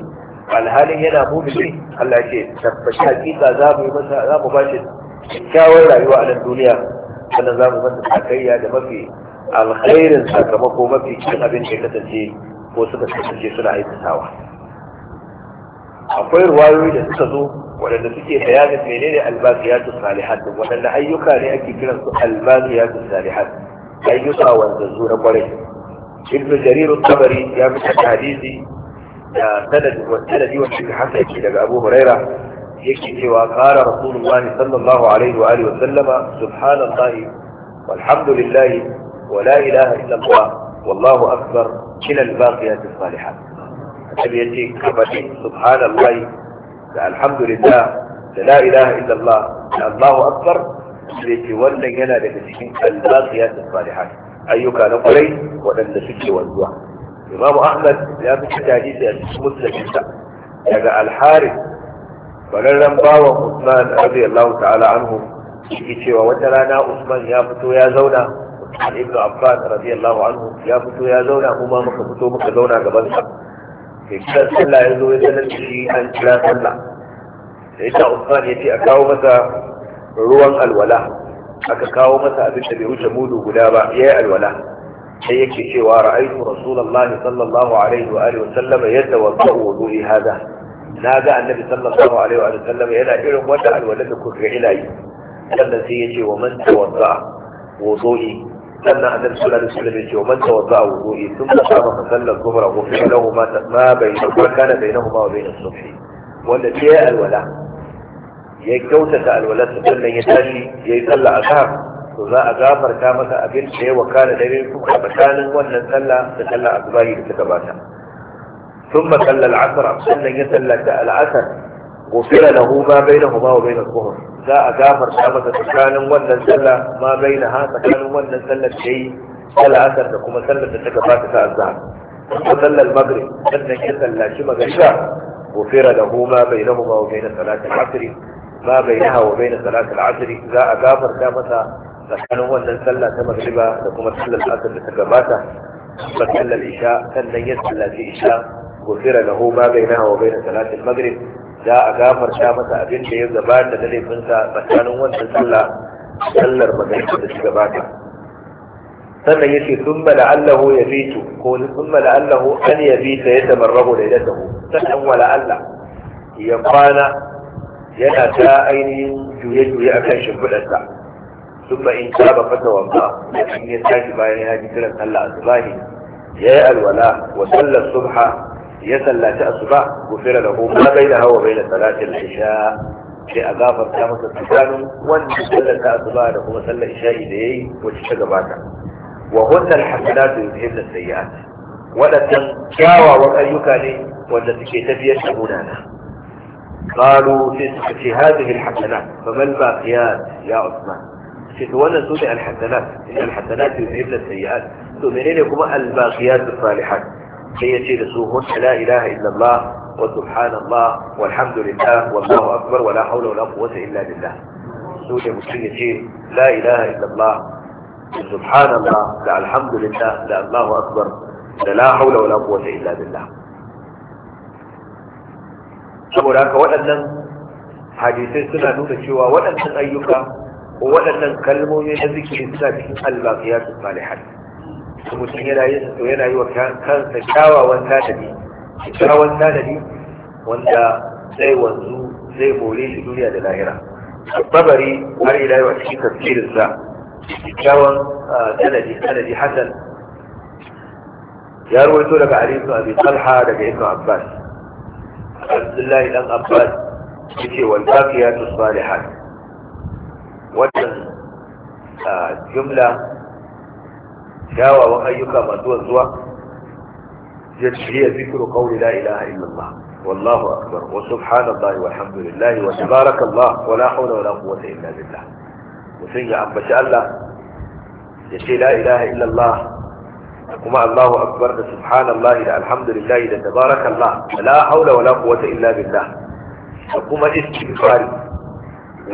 alhalin yana mumini Allah ce tabbata hakika za mu masa za mu ba shi kyakkyawar rayuwa a nan duniya sannan za mu masa takayya da mafi alkhairin sakamako mafi cikin abin da ya kasance ko suka kasance suna aikatawa akwai ruwayoyi da suka zo waɗanda suke bayanin menene albaqiyatu salihat waɗanda ayyuka ne ake kiran su albaqiyatu salihat ayyuka wanzanzu na kwarai ibnu jarir tabari ya fita hadisi da sanadi wa sanadi wa cikin hasaki daga abu huraira yake cewa qala rasulullahi sallallahu alaihi wa alihi wa sallama subhanallahi والحمد ولا إله إلا الله والله أكبر إلى الباقيات الصالحات النبي يجي كفتي سبحان الله الحمد لله لا إله إلا الله الله أكبر يجي ولا ينا لكسكين الباقيات الصالحات أيك أنا قلي ولن نسكي والدعاء إمام أحمد يا بك تعجيز مسلم إنسان يجا الحارث فلن باوى عثمان رضي الله تعالى عنه yake cewa wata rana Usman ya fito ya zauna an ibnu abbas radiyallahu anhu ya fito ya zauna kuma muka fito muka zauna gaban sa sai kira sallah ya zo ya sanar da shi an kira sallah sai ta usman ya ce a kawo masa ruwan alwala aka kawo masa abin da bai wuce mudu guda ba ya yi alwala sai yake cewa ra'aytu rasulullahi sallallahu alaihi wa alihi wa sallama yatawadda wudu'i hada na ga annabi sallallahu alaihi wa Sallama, yana irin wannan alwala da kuka ila yi sannan sai ya ce wa man tawadda wudu'i sannan annabi sallallahu alaihi wasallam ya ce man tawadda wudu'i thumma qama fa salla al-dhuhra wa fi lahu ma ma bayna wa kana bainahuma wa bayna as-subhi wanda ya alwala ya kyautata alwala sannan ya tashi ya yi sallah azhar to za a gafarta masa abin da ya wakana da yin kuka tsakanin wannan sallah da sallah azbahi da ta gabata ثم صلى العصر أبسلنا يسلى العصر غفر له wa بينهما وبين الظهر za a gafar ta masa tsakanin wannan sallah ma bai na ha tsakanin wannan sallar da yi sallar asar da kuma sallar da ta gabata ta azhar ko sallar maghrib sannan ya sallaci magriba gofira da huma bainahuma wa bai na al-asr ma bainaha wa bain salat al-asr za a gafar ta masa tsakanin wannan sallah ta magriba da kuma sallar asar da ta gabata sallar isha sannan ya sallaci isha gofira da huma na wa bai na al-maghrib za a gafarta masa abin da ya gabata da laifinsa tsakanin wancan sallah sallar magana da shi gabata sannan yace sun bada allahu ya ko sun bada allahu an ya bita ya tamarrahu da ya tahu sannan wala allah ya kwana yana ta ainihin juye-juye akan shimfiɗarsa sun ba in saba fata wanka, da in ya tashi bayan ya ji kiran sallah asubahi ya yi alwala wa sallar subha يسأل لا تأسبع غفر له ما بينها وبين صلاة العشاء في أضافة خمسة سكان ونسأل لا تأسبع له وصل العشاء إليه وتشتغ باته وهن الحسنات يذهبن السيئات ولا تنشاوى وأيك لي والتي تبيت هنانا قالوا في هذه الحسنات فما الباقيات يا عثمان في دون سوء الحسنات إن الحسنات يذهبن السيئات تؤمنين لكم الباقيات الصالحات sai ya ce da su hunna la ilaha illallah wa subhanallah walhamdulillah wallahu akbar wala hawla wala quwwata illa billah su da mutum ya ce la ilaha illallah subhanallah da alhamdulillah da allahu da la hawla wala quwwata illa billah saboda haka waɗannan hadisai suna nuna cewa waɗannan ayyuka ko waɗannan kalmomi da zikiri suna cikin su mutum yana yin to yana yi wa kansa kyawawan tanadi kyawawan tanadi wanda zai wanzu zai more shi duniya da lahira babari har ila yau a cikin tafsirinsa kyawawan tanadi tanadi hasan ya ruwaito daga alifu abi talha daga ibnu abbas abdullahi dan abbas yace wal baqiyatu salihat wannan jumla kyawawan ayyuka masu wanzuwa ya ce ya zikiru kawai la ilaha illallah wallahu akbar wa subhanallah walhamdulillah wa tabarakallah wa la hawla wa la quwwata illa billah mutum ya ambaci Allah ya ce la ilaha illallah kuma Allahu akbar da subhanallah da alhamdulillah da tabarakallah da la hawla wa la quwwata illa billah da kuma istighfari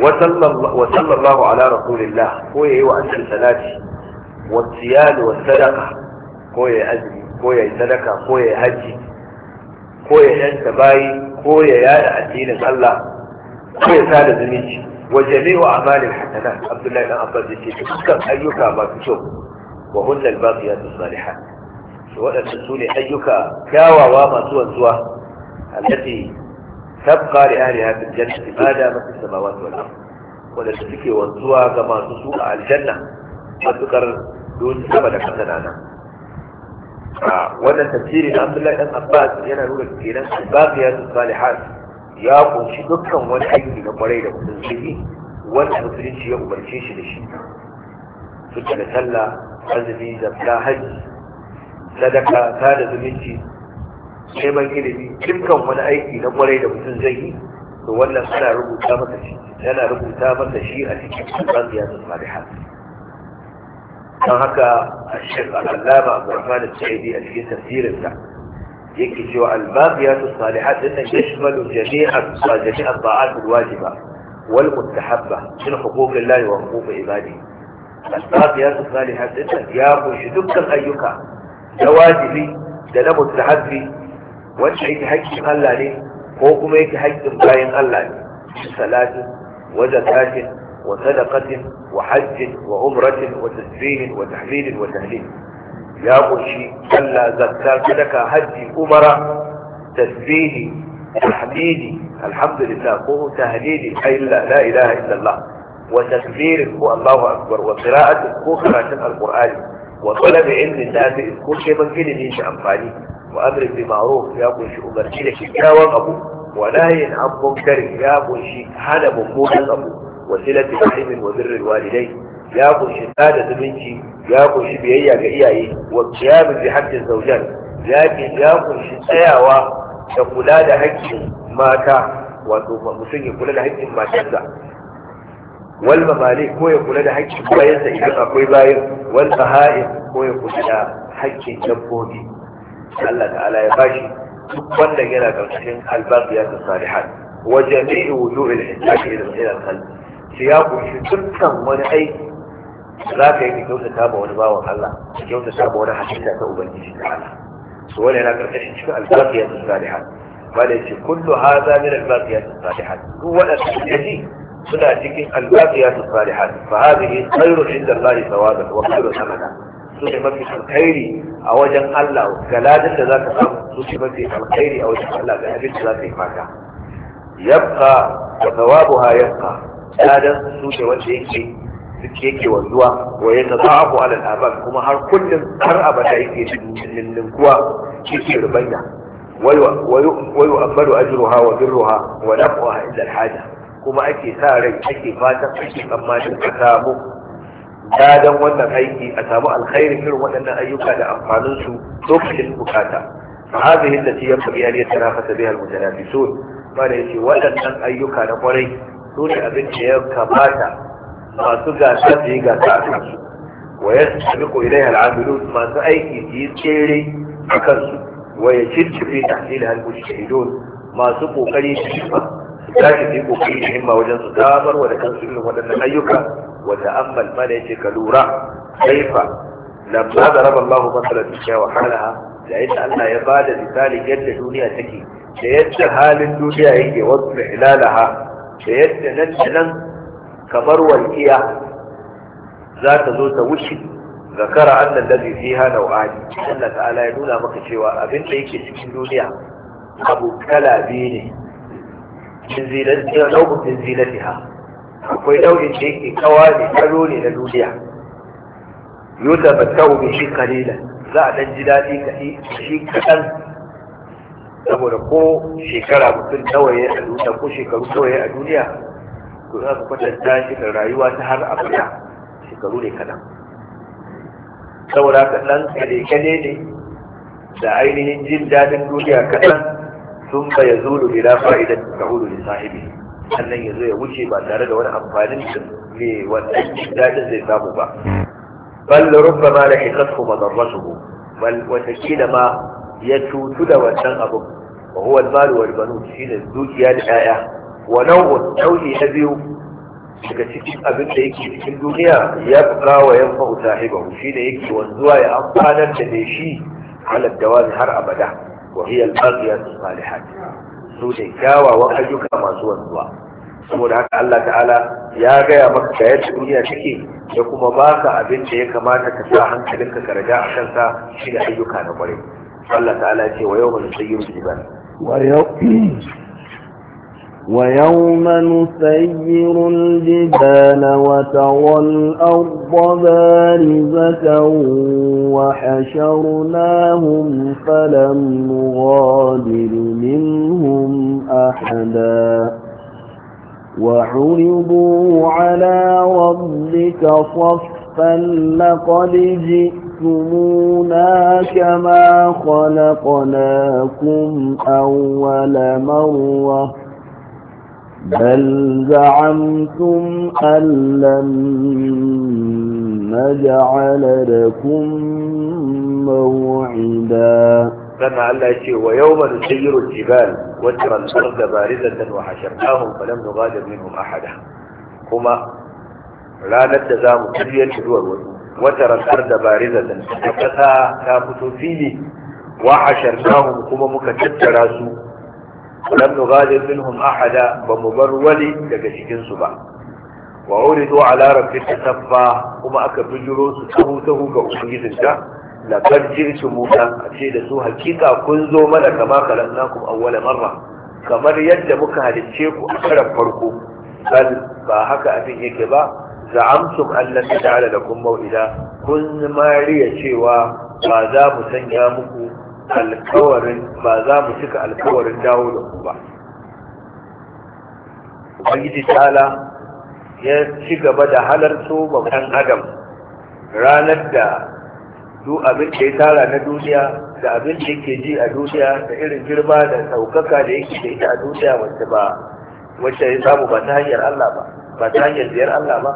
wa sallallahu ala rasulillah ko yayi wa annabi salati wasiyar wa sadaka ko ya azumi ko ya sadaka ko ya haji ko ya yanta bayi ko ya yada addinin Allah ko ya sada zumunci wa jami'u a'malil hasanat Abdullahi dan Abbas yace dukkan ayyuka masu kyau wa hunna al-baqiyatus salihat to wadannan sune ayyuka kyawawa masu wanzuwa allati tabqa li ahliha fil jannati ma damat wadanda suke ga masu su aljanna matukar don abada kan nana a wannan tafsirin Abdullahi dan Abbas yana nuna kenan ya babiyatus salihat ya kunshi dukkan wani aiki na kwarai da mutum zai wanda musulunci ya umarce shi da shi su da sallah azumi zakka hajji sadaka ta da zumunci neman ilimi dukkan wani aiki na kwarai da mutum zai yi to wannan ana rubuta masa shi ana rubuta masa shi a cikin albaniya da salihat don haka shek al'allama abdurrahman al-sa'idi a cikin tafsirinsa yake cewa albabiyatu salihat din nan yashmalu jami'a jami'a ta'at al-wajiba wal mustahabba min huquqillahi wa huquqi ibadihi albabiyatu salihat din nan ya kunshi dukkan ayyuka na wajibi da na mustahabbi wanda yake haƙƙin Allah ne ko kuma yake haƙƙin bayan Allah ne salatin wajen tashin. وصدقة وحج وعمرة وتسبيح وتحليل وتهليل يا قشي ألا زكاة لك حج أمرة تسبيح تحميدي الحمد لله هو تهليلي أي لا, لا إله إلا الله وتكبير هو الله أكبر وقراءة هو قراءة القرآن وطلب علم الناس كل شيء من كل ليش أنفاني وأمر بمعروف يا قشي أمرتي لك يا وغبو ونهي عن منكر يا قشي هذا مفهوم الغبو وصلة رحم وبر الوالدين ya kunshi da zumunci ya kunshi biyayya ga iyaye wa qiyamu bi haqqin zawjan ya ke ya kunshi tsayawa da kula da haƙƙin mata wato mutum ya kula da haƙƙin matarsa wal mamali ko ya kula da haƙƙin bayansa idan akwai bayan wal baha'im ko ya kula da haƙƙin dabbobi Allah ta'ala ya bashi duk wannan yana ƙarƙashin albaqiyatu salihat wa jami'u wudu'il shi ya kunshi dukkan wani aiki za ka yi kyauta kyautata ba wani bawan Allah ka ta ba wani halitta ta ubangiji ta Allah su wani yana karkashin cikin albaqiyat ba da yace kullu hadha min albaqiyat salihat duk waɗanda suke yaji suna cikin albaqiyat salihat fa hadhihi khairun inda Allah thawaban wa sama da su ne mafi alkhairi a wajen Allah ladin da za ka samu su ne mafi alkhairi a wajen Allah ga abin da za ka yi fata yabqa wa thawabuha yabqa ladan su ne wanda yake suke yake wanzuwa wa a ku alal abad kuma har kullum har abada yake ninninkuwa yake rubanya wayu ambaru ajruha wa birruha wa naf'uha illa al kuma ake sa rai ake fatan ake tsammanin ka samu ladan wannan aiki a samu alkhairin irin waɗannan ayyuka da amfanin su lokacin bukata fa hadhihi allati yanbaghi an yatarafasa biha al-mutanafisun mana yace waɗannan ayyuka na kwarai su ne abin da ya kamata masu gasa su yi gasa a kansu wa ya sami ko idan al'amilu masu aiki su yi tsere a kansu wa ya cincife tahlil halbushi da idon masu kokari su yi ba su tashi su yi kokari da himma wajen su damar wa da kansu irin waɗannan ayyuka wanda an malmala ya ce ka lura kaifa لما ضرب الله مثلا الدنيا وحالها لأن الله يبادى مثال يد دنيا تكي ليد حال الدنيا wasu وضع حلالها da yadda nan da nan kamar walƙiya za ta zo ta wuce zakara annan lazi fiha nau'ani Allah ta'ala ya nuna maka cewa abin da yake cikin duniya abu kala biyu ne min zinatiha nau'un min zinatiha akwai nau'in da yake kawa ne karo ne na duniya yuta ta bi shi kalilan za a dan ji daɗi kaɗi kaɗan saboda ko shekara mutum nawa ya a duniya ko shekaru nawa a duniya to za su kwatanta shi da rayuwa ta har abada shekaru ne kaɗan saboda haka ɗan kale ne da ainihin jin daɗin duniya kaɗan sun ba ya zuru bila fa'idan ta hudu da sahibi sannan ya zo ya wuce ba tare da wani amfanin da ne wannan jin daɗin zai samu ba bal rubba ma la hikatu madarratuhu bal watakila ma ya cutu da wannan abin wa huwa al-mal wal banun shine dukiya da ƴaƴa wa nau'un nau'i na biyu daga cikin abin da yake cikin duniya ya fuka wa yan fa'uta hibahu ne yake wanzuwa ya amfanar da mai shi da wani har abada wa hiya al-baqiyatu salihat su ne kyawawan ayyuka masu wanzuwa saboda haka Allah ta'ala ya gaya maka ga yadda duniya take ya kuma baka abin da ya kamata ka sa hankalinka ka raja a kansa shi da ayyuka na ƙwarai. قال تعالى ce ويوم نسير الجبال ويوم نسير الجبال وترى الأرض بارزة وحشرناهم فلم نغادر منهم أحدا وعرضوا على ربك صفا لقد جئت تَكْتُمُونَا كَمَا خَلَقْنَاكُمْ أَوَّلَ مَرَّةٍ بَلْ زَعَمْتُمْ أَن لَّن نَّجْعَلَ لَكُم مَّوْعِدًا لما الله يشيء ويوم نسير الجبال وترى الأرض باردة وحشرناهم فلم نغادر منهم أحدا هما لا نتزام كل يلحدوا الوزن wata rasar da barizatan ta kasa ta fito fili wa asharnahum kuma muka tattara su lam nughadir minhum ahada ba mu bar wani daga cikin su ba wa uridu ala rabbika saffa kuma aka bijiro su tahu tahu ga ubangijinka laqad ji'tu musa a ce da su hakika kun zo mana kama kalannakum awwala marra kamar yadda muka halicce ku a karan farko bal ba haka abin yake ba za'amtum allan naj'ala lakum maw'ida kun mariya cewa ba za mu sanya muku alkawarin ba za mu cika alkawarin dawo da ku ba ubangiji ta'ala ya ci gaba da halarto ma adam ranar da duk abin da ya tara na duniya da abin da yake ji a duniya da irin girma da saukaka da yake da ita a duniya wacce ba wacce ya samu ba ta hanyar Allah ba ba ta hanyar ziyar Allah ba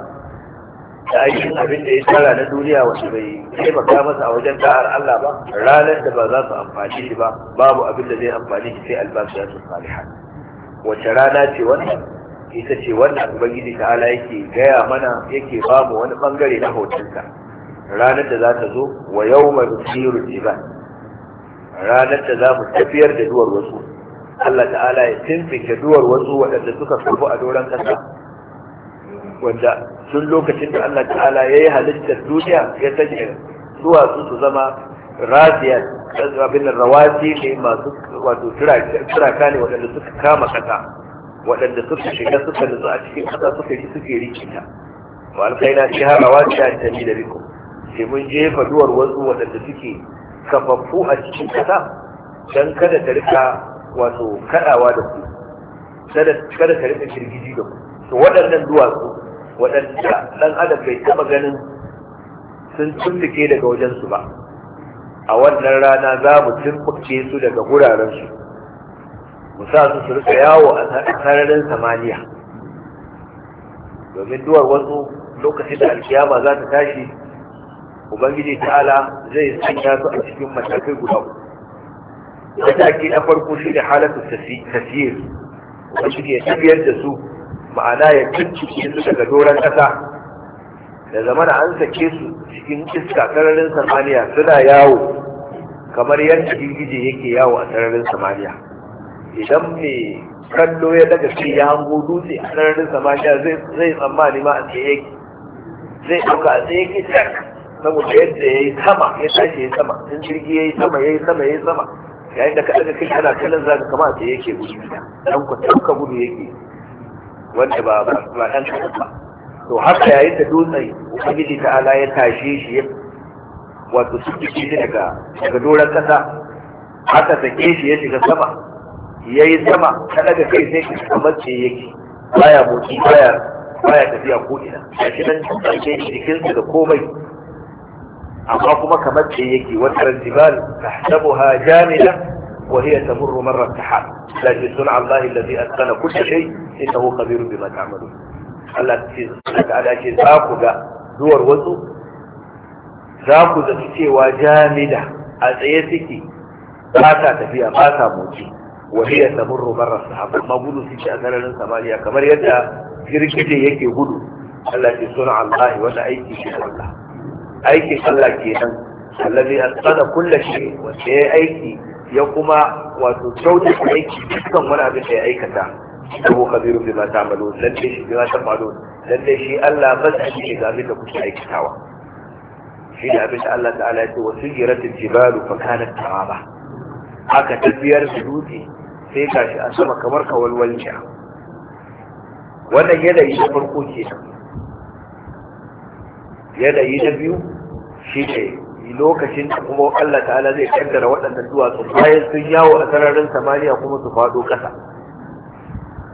da aikin abin da ya tara na duniya wanda bai taimaka masa a wajen ta'ar Allah ba ranar da ba za su amfani shi ba babu abin da zai amfani shi sai albashiyatu salihan wace rana ce wannan ita ce wannan ubangiji ta'ala yake gaya mana yake ba mu wani bangare na hotunsa ranar da za ta zo wa yau mai tsiru jibal ranar da za mu tafiyar da duwar wasu Allah ta'ala ya tumfike duwar wasu waɗanda suka kafu a doron kasa. wanda sun lokacin da Allah ta'ala ya yi halittar duniya ya sanya duwatsu su zama rasiya abin da rawati ne masu wato turaka ne waɗanda suka kama ƙasa waɗanda suka shiga suka nutsu a cikin ƙasa suka yi suke rikita wa alkaina shi har rawati ta tami da riko sai mun jefa duwar wasu waɗanda suke kafaffu a cikin ƙasa don kada ta rika wato kaɗawa da ku kada ta rika girgiji da ku to waɗannan duwatsu waɗanda ɗan adam bai taɓa ganin sun tumbuke daga wajensu ba a wannan rana za mu tumbuke su daga gurarensu mu sa su su rika yawo a sararin samaniya domin duwar wasu lokacin da alkiyama za ta tashi ubangiji ta'ala zai sanya su a cikin matakai guda mataki na farko shi da halatu tasir wanda ke tafiyar da su ma'ana ya cikin su daga doron ƙasa da zama da an sake su cikin iska sararin samaniya suna yawo kamar yadda girgije yake yawo a sararin samaniya idan mai kallo ya daga shi ya hango dutse a sararin samaniya zai tsammani ma a tsaye yake zai ɗauka a tsaye yake tak saboda yadda ya yi sama ya tashi ya yi sama in jirgi ya yi sama ya yi sama ya yi sama yayin da ka daga kai kana kallon zaka kama a tsaye yake gudu dan ku gudu yake wanda ba ba dan kadan ba to haka yayin da dutsen ubangiji ta'ala ya tashe shi ya wato suke shi daga daga doron kasa haka sake shi ya shiga sama ya yi sama ta daga kai sai ka kamar ce yake baya motsi baya baya tafiya ko ina ya shi nan sake shi jikinsa da komai amma kuma kamar ce yake wata rantibar tahsabuha jamila وهي تمر مر السحاب لكن صنع الله الذي أتقن كل شيء إنه خبير بما تعملون Allah ta'ala za ku ga zuwar wasu za ku zaci cewa jamida a tsaye suke ba ta tafiya ba ta moci wahiyar samun robar rasu amma gudu suke a sararin samaniya kamar yadda girgije yake gudu Allah ce suna Allah wanda aiki shi Allah aikin Allah ke nan allazi ya aiki ya kuma wato kyautar aiki dukkan wani abin da ya aikata ko kabiru bi ma ta'malu lalle shi bi ma ta'malu lalle shi Allah masani ne ga abin da kuke aikatawa shi da abin da Allah ta'ala ya ce wa sujiratil jibalu fa kanat ta'aba aka tafiyar da dutse sai ka shi a sama kamar kawalwalciya wannan yanayi na farko kenan yanayi na biyu shi ne lokacin da kuma Allah ta'ala zai kaddara waɗannan duwatsu bayan sun yawo a sararin samaniya kuma su faɗo ƙasa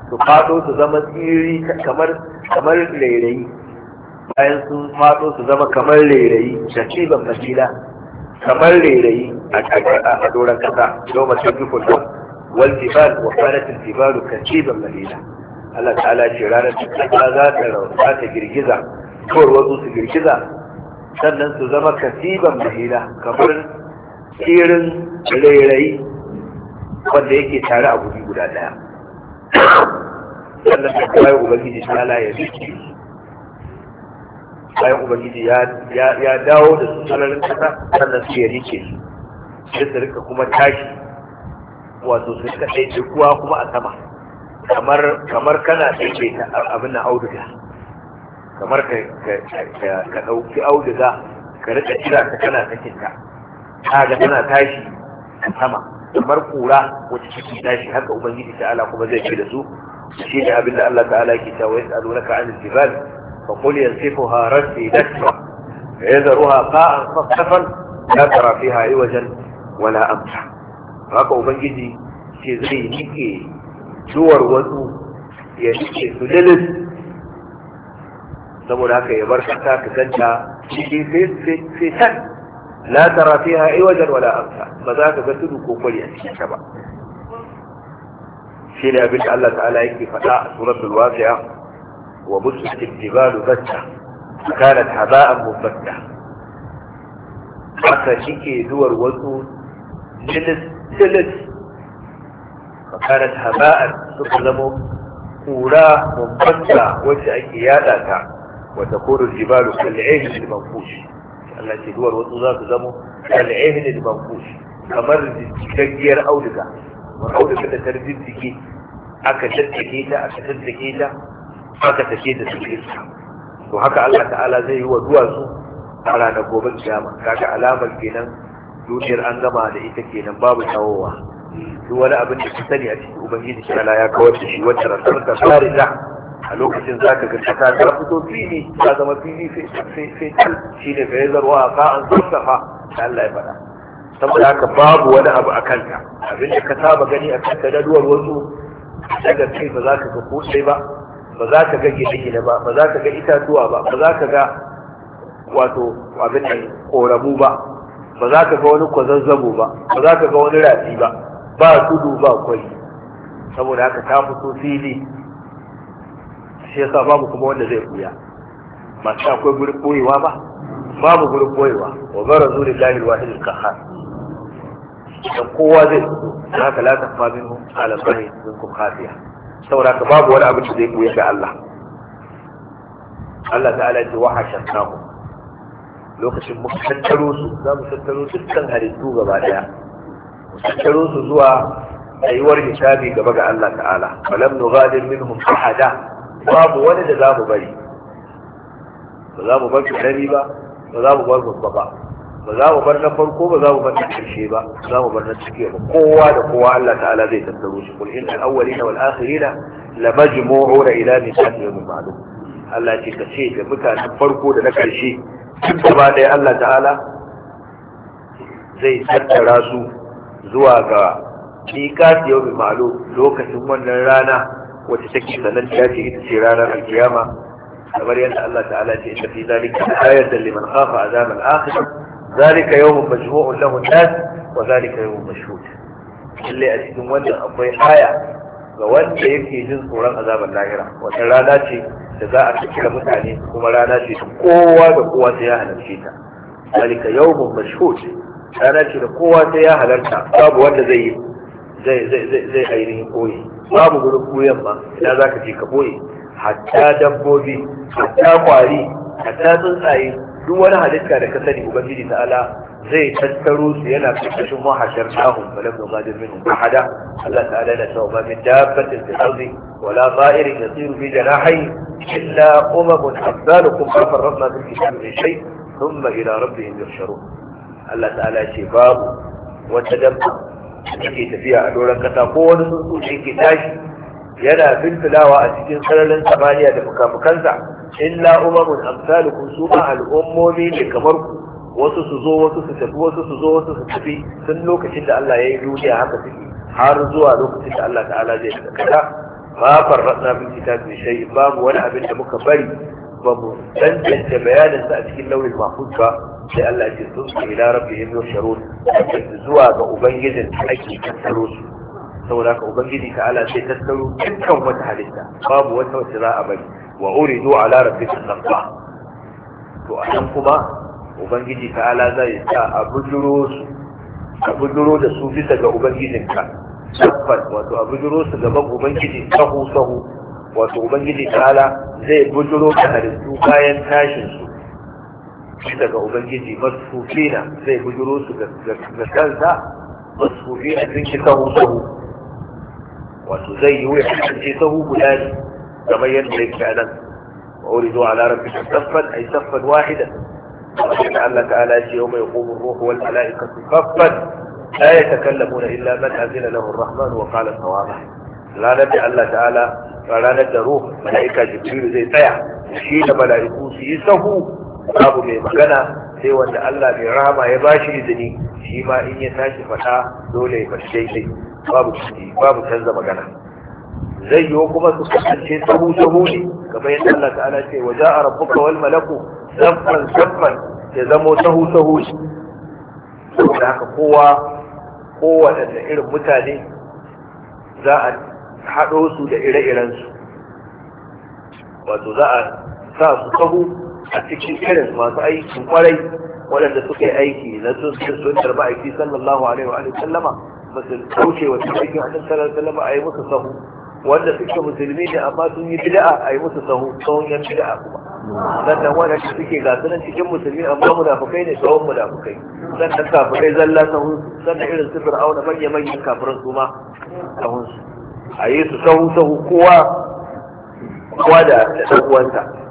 su faɗo su zama tsiri kamar kamar rairayi bayan sun faɗo su zama kamar rairayi ciban masila kamar rairayi a doron ƙasa yau mace jufun wal jibal wa kanatin jibalu ciban masila Allah ta'ala ce ranar da ƙasa za ta girgiza kowar wasu su girgiza sannan su zama kasiban mahila kamar tsirin rairayi wanda yake tare a guri guda daya sannan da kawai ubangiji ta laye su bayan ubangiji ya dawo da su sararin kasa sannan su ya rike su su rika kuma tashi wato su rika ɗaiɗaikuwa kuma a sama kamar kana ɗaiɗaita abin na auduga kamar ka ɗauki auduga ka rika kira ta kana sakinta ta ga tana tashi a sama kamar kura wacce take tashi haka ubangiji ta ala kuma zai ce da su shi ne abin da Allah ta'ala ta yake cewa yas'alunaka 'anil jibal fa qul yansifuha rabbi dakra yadharuha qa'an saffan la tara fiha iwajan wala amsa haka ubangiji ce zai nike duwar wasu ya nike su lilis saboda haka ya bar kasa ka ganta ciki fitan la tara fiha aiwajan wala amsa ba za ka ga tudu ko kwari a cikin ta ba shi ne abin da Allah ta'ala yake faɗa a suratul waqi'a wa busat al-jibalu batta kanat haba'an mubatta haka shike zuwar wasu jilis jilis kanat haba'an suka zama kura mubatta wacce ake yada ta وتكون الجبال كالعهن المنفوش التي دول وتضاف دمه كالعهن المنفوش كمر تجير أولدها وأولدها ترزيد ذكي أكا تتكيتا أكا تتكيتا أكا تكيتا تكيتا وحكى الله تعالى زي هو دوازو على نقوم القيامة كاك علامة كينا دونير أنجما لإيتا كينا باب الشعوة duk wani abin da ka sani a cikin ubangiji shi ya kawar a lokacin za ka ga kasa ta fito fili ta zama fili sai tal shi ne fa ya zarwa a sa'an sassafa da Allah ya faɗa saboda haka babu wani abu a kanta abin da ka saba gani a kanta na duwar wasu daga kai ba za ka ga kosai ba ba za ka ga gine-gine ba ba za ka ga itatuwa ba ba za ka ga wato abin da koramu ba ba za ka ga wani kwazazzabo ba ba za ka ga wani rafi ba ba tudu ba kwai saboda haka ta fito fili shi yasa babu kuma wanda zai buya masu akwai guri koyewa ba babu guri koyewa wa bara zuri lahir wahid kahar da kowa zai zo za ka lata famin mu alamari sun kuma khafiya saboda ka babu wani abin da zai buya ga Allah Allah ta'ala ya ce wa hashan lokacin muka tattaro su za mu tattaro dukkan halittu gaba daya mu tattaro su zuwa tsayuwar hisabi gaba ga Allah ta'ala falam nughadir minhum ahada babu wani da za mu bari ba za mu bar karami ba ba za mu bar babba ba ba za mu bar na farko ba za mu bar na ƙarshe ba ba za mu bar na cike ba kowa da kowa Allah ta'ala zai tattaro shi kul innal awwalina wal akhirina la majmu'una ila miqati yawmin ma'lum Allah ce ka ce da mutanen farko da na ƙarshe duk gaba ɗaya Allah ta'ala zai tattara su zuwa ga miqati yawmin ma'lum lokacin wannan rana wacce take sananniya ce ita ce ranar alkiyama kamar yadda Allah ta'ala ce inda fi zalika ayatan liman khafa azab al-akhir zalika yawmun majmu'un lahu an-nas wa zalika yawmun mashhud lalle a cikin wannan akwai aya ga wanda yake jin tsoron azabar lahira wata rana ce da za a kira mutane kuma rana ce da kowa da kowa sai ya halarce ta zalika yawmun mashhud rana ce da kowa sai ya halarta babu wanda zai zai zai zai ainihin koyi babu gurin koyon ma ina za ka je ka boye hatta dabbobi hatta kwari hatta tsuntsaye duk wani halitta da ka sani ubangiji ala, zai tattaro su yana karkashin mahashar nahu balam nugadir minhum hada. Allah ta'ala yana cewa ma min dabbatin fil ardi wala za'irin yasiru bi janahi illa umamun amsalukum ma farradna fil kitabi min Sun thumma ila rabbihim yuhsharun Allah ta'ala ce babu wata dabba yake tafiya a doron kasa ko wani tsuntsu da ke tashi yana bintilawa a cikin sararin samaniya da fukafukansa illa umarun amsalukum su ma al'ummomi ne kamar ku wasu su zo wasu su tafi wasu su zo wasu su tafi lokacin da Allah ya yi duniya haka suke har zuwa lokacin da Allah ta'ala zai daga kasa ma farratna min kitabin shay babu wani abin da muka bari babu mu tantance bayanin sa a cikin lauyin mahfuz ba sai Allah ce sun su ila rabbihim yusharun zuwa ga ubangijin da ake tattaro su saboda ka ubangiji ta ala sai tattaro dukkan wata halitta babu wata wacce za a bari wa uridu ala rabbihim safa to a nan kuma ubangiji ta ala zai sa a bujuro su a bujuro da su bisa ga ubangijinka tabbas wato a bujuro su gaban ubangiji sahu sahu wato ubangiji ta ala zai bujuro da halittu bayan tashin su daga ubangiji masfufina zai bujuro su da kansa masfufina sun ki sahu sahu wato zai yi wuya kasance sahu guda ne kamar yadda a على ربك صفا أي صفا واحدا وإن الله تعالى يوم يقوم الروح والملائكة صفا لا يتكلمون إلا من أذن له الرحمن وقال صوابا لا نبي الله تعالى فلا نبي روح ملائكة جبريل زي سيع يشيل ملائكو سيسه babu mai magana sai wanda Allah mai rahama ya ba shi izini shi ma in ya tashi faɗa dole ya fashe daidai babu babu canza magana zai yiwu kuma su kasance sahu sahu ne kamar yadda Allah ta'ala ce wa ja'a rabbuka wal malaku zaffan zaffan ya zamo sahu sahu ne saboda haka kowa da irin mutane za a haɗo su da ire-irensu wato za a sa su sahu a cikin irin masu aikin kwarai waɗanda suke aiki na sun sun sunnar ma'aiki sallallahu alaihi wa sallama ba su kauce wa cikin hannun sallallahu sallama a yi musu sahu wanda suke musulmi ne amma sun yi bid'a a yi musu sahu tsawon yan bid'a kuma sannan wanda suke ga sunan cikin musulmi amma munafukai ne tsawon munafukai sannan kafirai zalla sahun sannan irin su fir'auna manya manyan kafiran su ma sahun su a yi su sahu sahu kowa kowa da ɗan uwanta.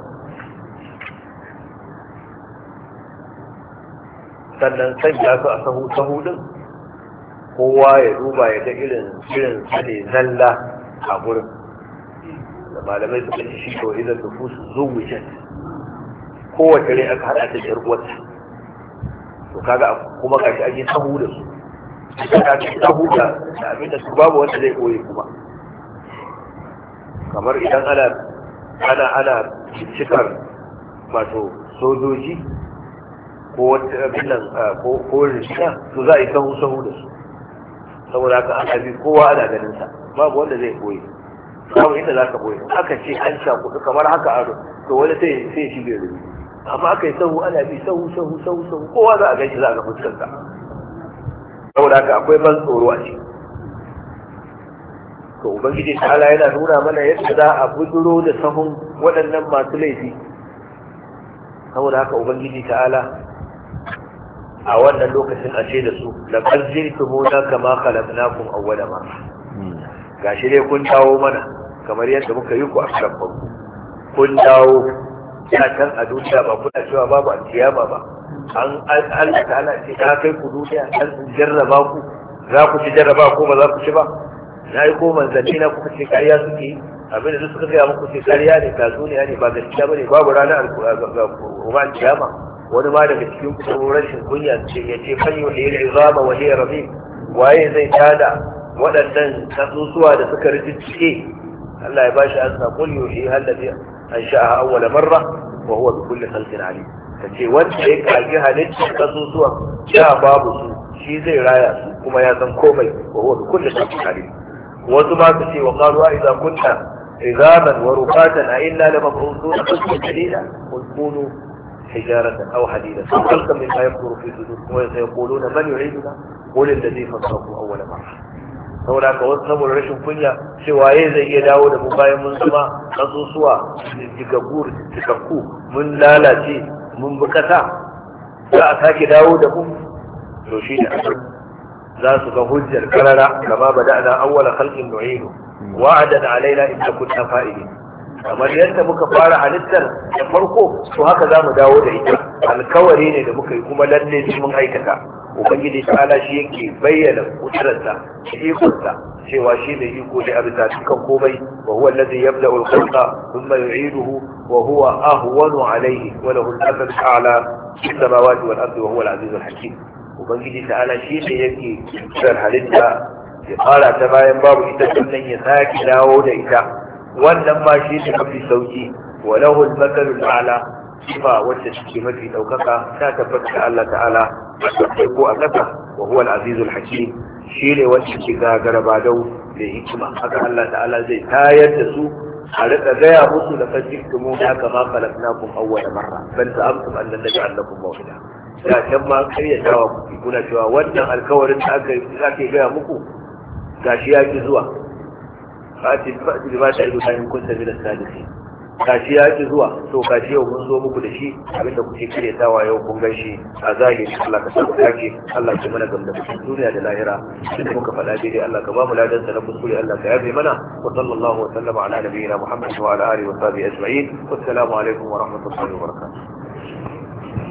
sannan sanya su a sahu sahu din kowa ya duba ya ga irin irin sane zalla a gurin da malamai su ci shi to idan da fusu zuwujen kowace rai aka hada ta jar uwarta to kaga kuma gashi an sahu da su kaga ci sahu da abin da su babu wanda zai koyi kuma kamar idan ana ana ana cikar wato sojoji ko bilan ko rishina to za a yi sahu sahu da su saboda haka aka bi kowa ana ganin sa babu wanda zai koyi babu inda za ka koyi aka ce an sha kuɗi kamar haka aro to wani sai sai shi bai rubi amma aka yi sahu ana bi sahu sahu sahu sahu kowa za a gan shi za a ga sa saboda haka akwai ban tsoro a ce to ubangiji ta'ala yana nuna mana yadda za a bujuro da sahun waɗannan masu laifi saboda haka ubangiji ta'ala a wannan lokacin a ce da su da laqad zirtumuna kama da ma Ga shi dai kun dawo mana kamar yadda muka yi ku a karan kun dawo ya can a duniya ba kuna cewa babu alkiyama ba an Allah ana ce ta kai ku duniya an jarraba ku za ku ci jarraba ko ba za ku ci ba na yi ko manzanni na kuka ce kariya suke abin da suka gaya muku ce kariya ne tatsuniya ne ba gaskiya ba ne babu ranar alkiyama wani ma daga cikin kuma rashin kunya ce ya ce fanyo da yin izama wa hiyar rabi?' waye zai tada waɗannan kasusuwa da suka rikice Allah ya bashi an sa kul yuhi hallabi an sha'a awwala marra wa huwa bi kulli khalqin alim ce, wanda ya kage halitta kasusuwa ya babu su shi zai raya su kuma ya san komai wa huwa bi kulli khalqin alim wasu ma su ce wa qalu a idza kunna izaman wa rufatan a inna lamabrusuna qulna حجارة أو حديدا خلقا مما يكبر في صدوركم ويقولون من يعيدنا قل الذي فطركم أول مرة saboda ka wasu saboda rashin kunya cewa ya zai iya dawo da mu bayan mun zama kasusuwa jigaggu cikakku mun lalace mun bukata za a sake dawo da mu to shi ne za su ga hujjar karara kama bada'na awwala khalqin nu'idu alaina in kunna fa'ilin kamar yadda muka fara halittar da farko to haka za mu dawo da ita alkawari ne da muka yi kuma lalle shi mun aikata ubangiji ta'ala shi yake bayyana kuturarsa da ikonsa cewa shi ne iko da abita dukkan komai wa huwa allazi yabda'u al-khalqa thumma yu'iduhu wa huwa ahwanu alayhi wa lahu al-amru ala fi samawati wal ardi wa huwa al-aziz al-hakim ubangiji ta'ala shi ne yake kuturar halitta ya fara ta bayan babu ita sannan ya sake dawo da ita wannan ma shi ne mafi sauki walahu al-makaru ta'ala sifa wacce take mafi daukaka ta tabbata Allah ta'ala sai ko a kasa wa huwa al-aziz al-hakim shi ne wacce ke gagara ba dau da hikima haka Allah ta'ala zai tayar da su a rika gaya musu da fasikin mu haka ma khalaqnakum awwala marra bal za'amtum an lan naj'alakum mawhida Ya can ma karyatawa kuke kuna cewa wannan alkawarin da aka yi gaya muku gashi ya ki zuwa fati fati da ba ta ido bayan kunta bila salisi kashi ya ci zuwa to kashi yau mun zo muku da shi abinda kuke kire tawa yau kun gan shi a zahiri Allah ka samu kake Allah ya mana gamda cikin duniya da lahira inda muka faɗa daidai Allah ka ba mu ladan sa na kuskure Allah ka yabe mana wa sallallahu wa sallama ala nabiyyina Muhammad wa ala alihi wa sahbihi ajma'in wassalamu alaikum wa rahmatullahi wa barakatuh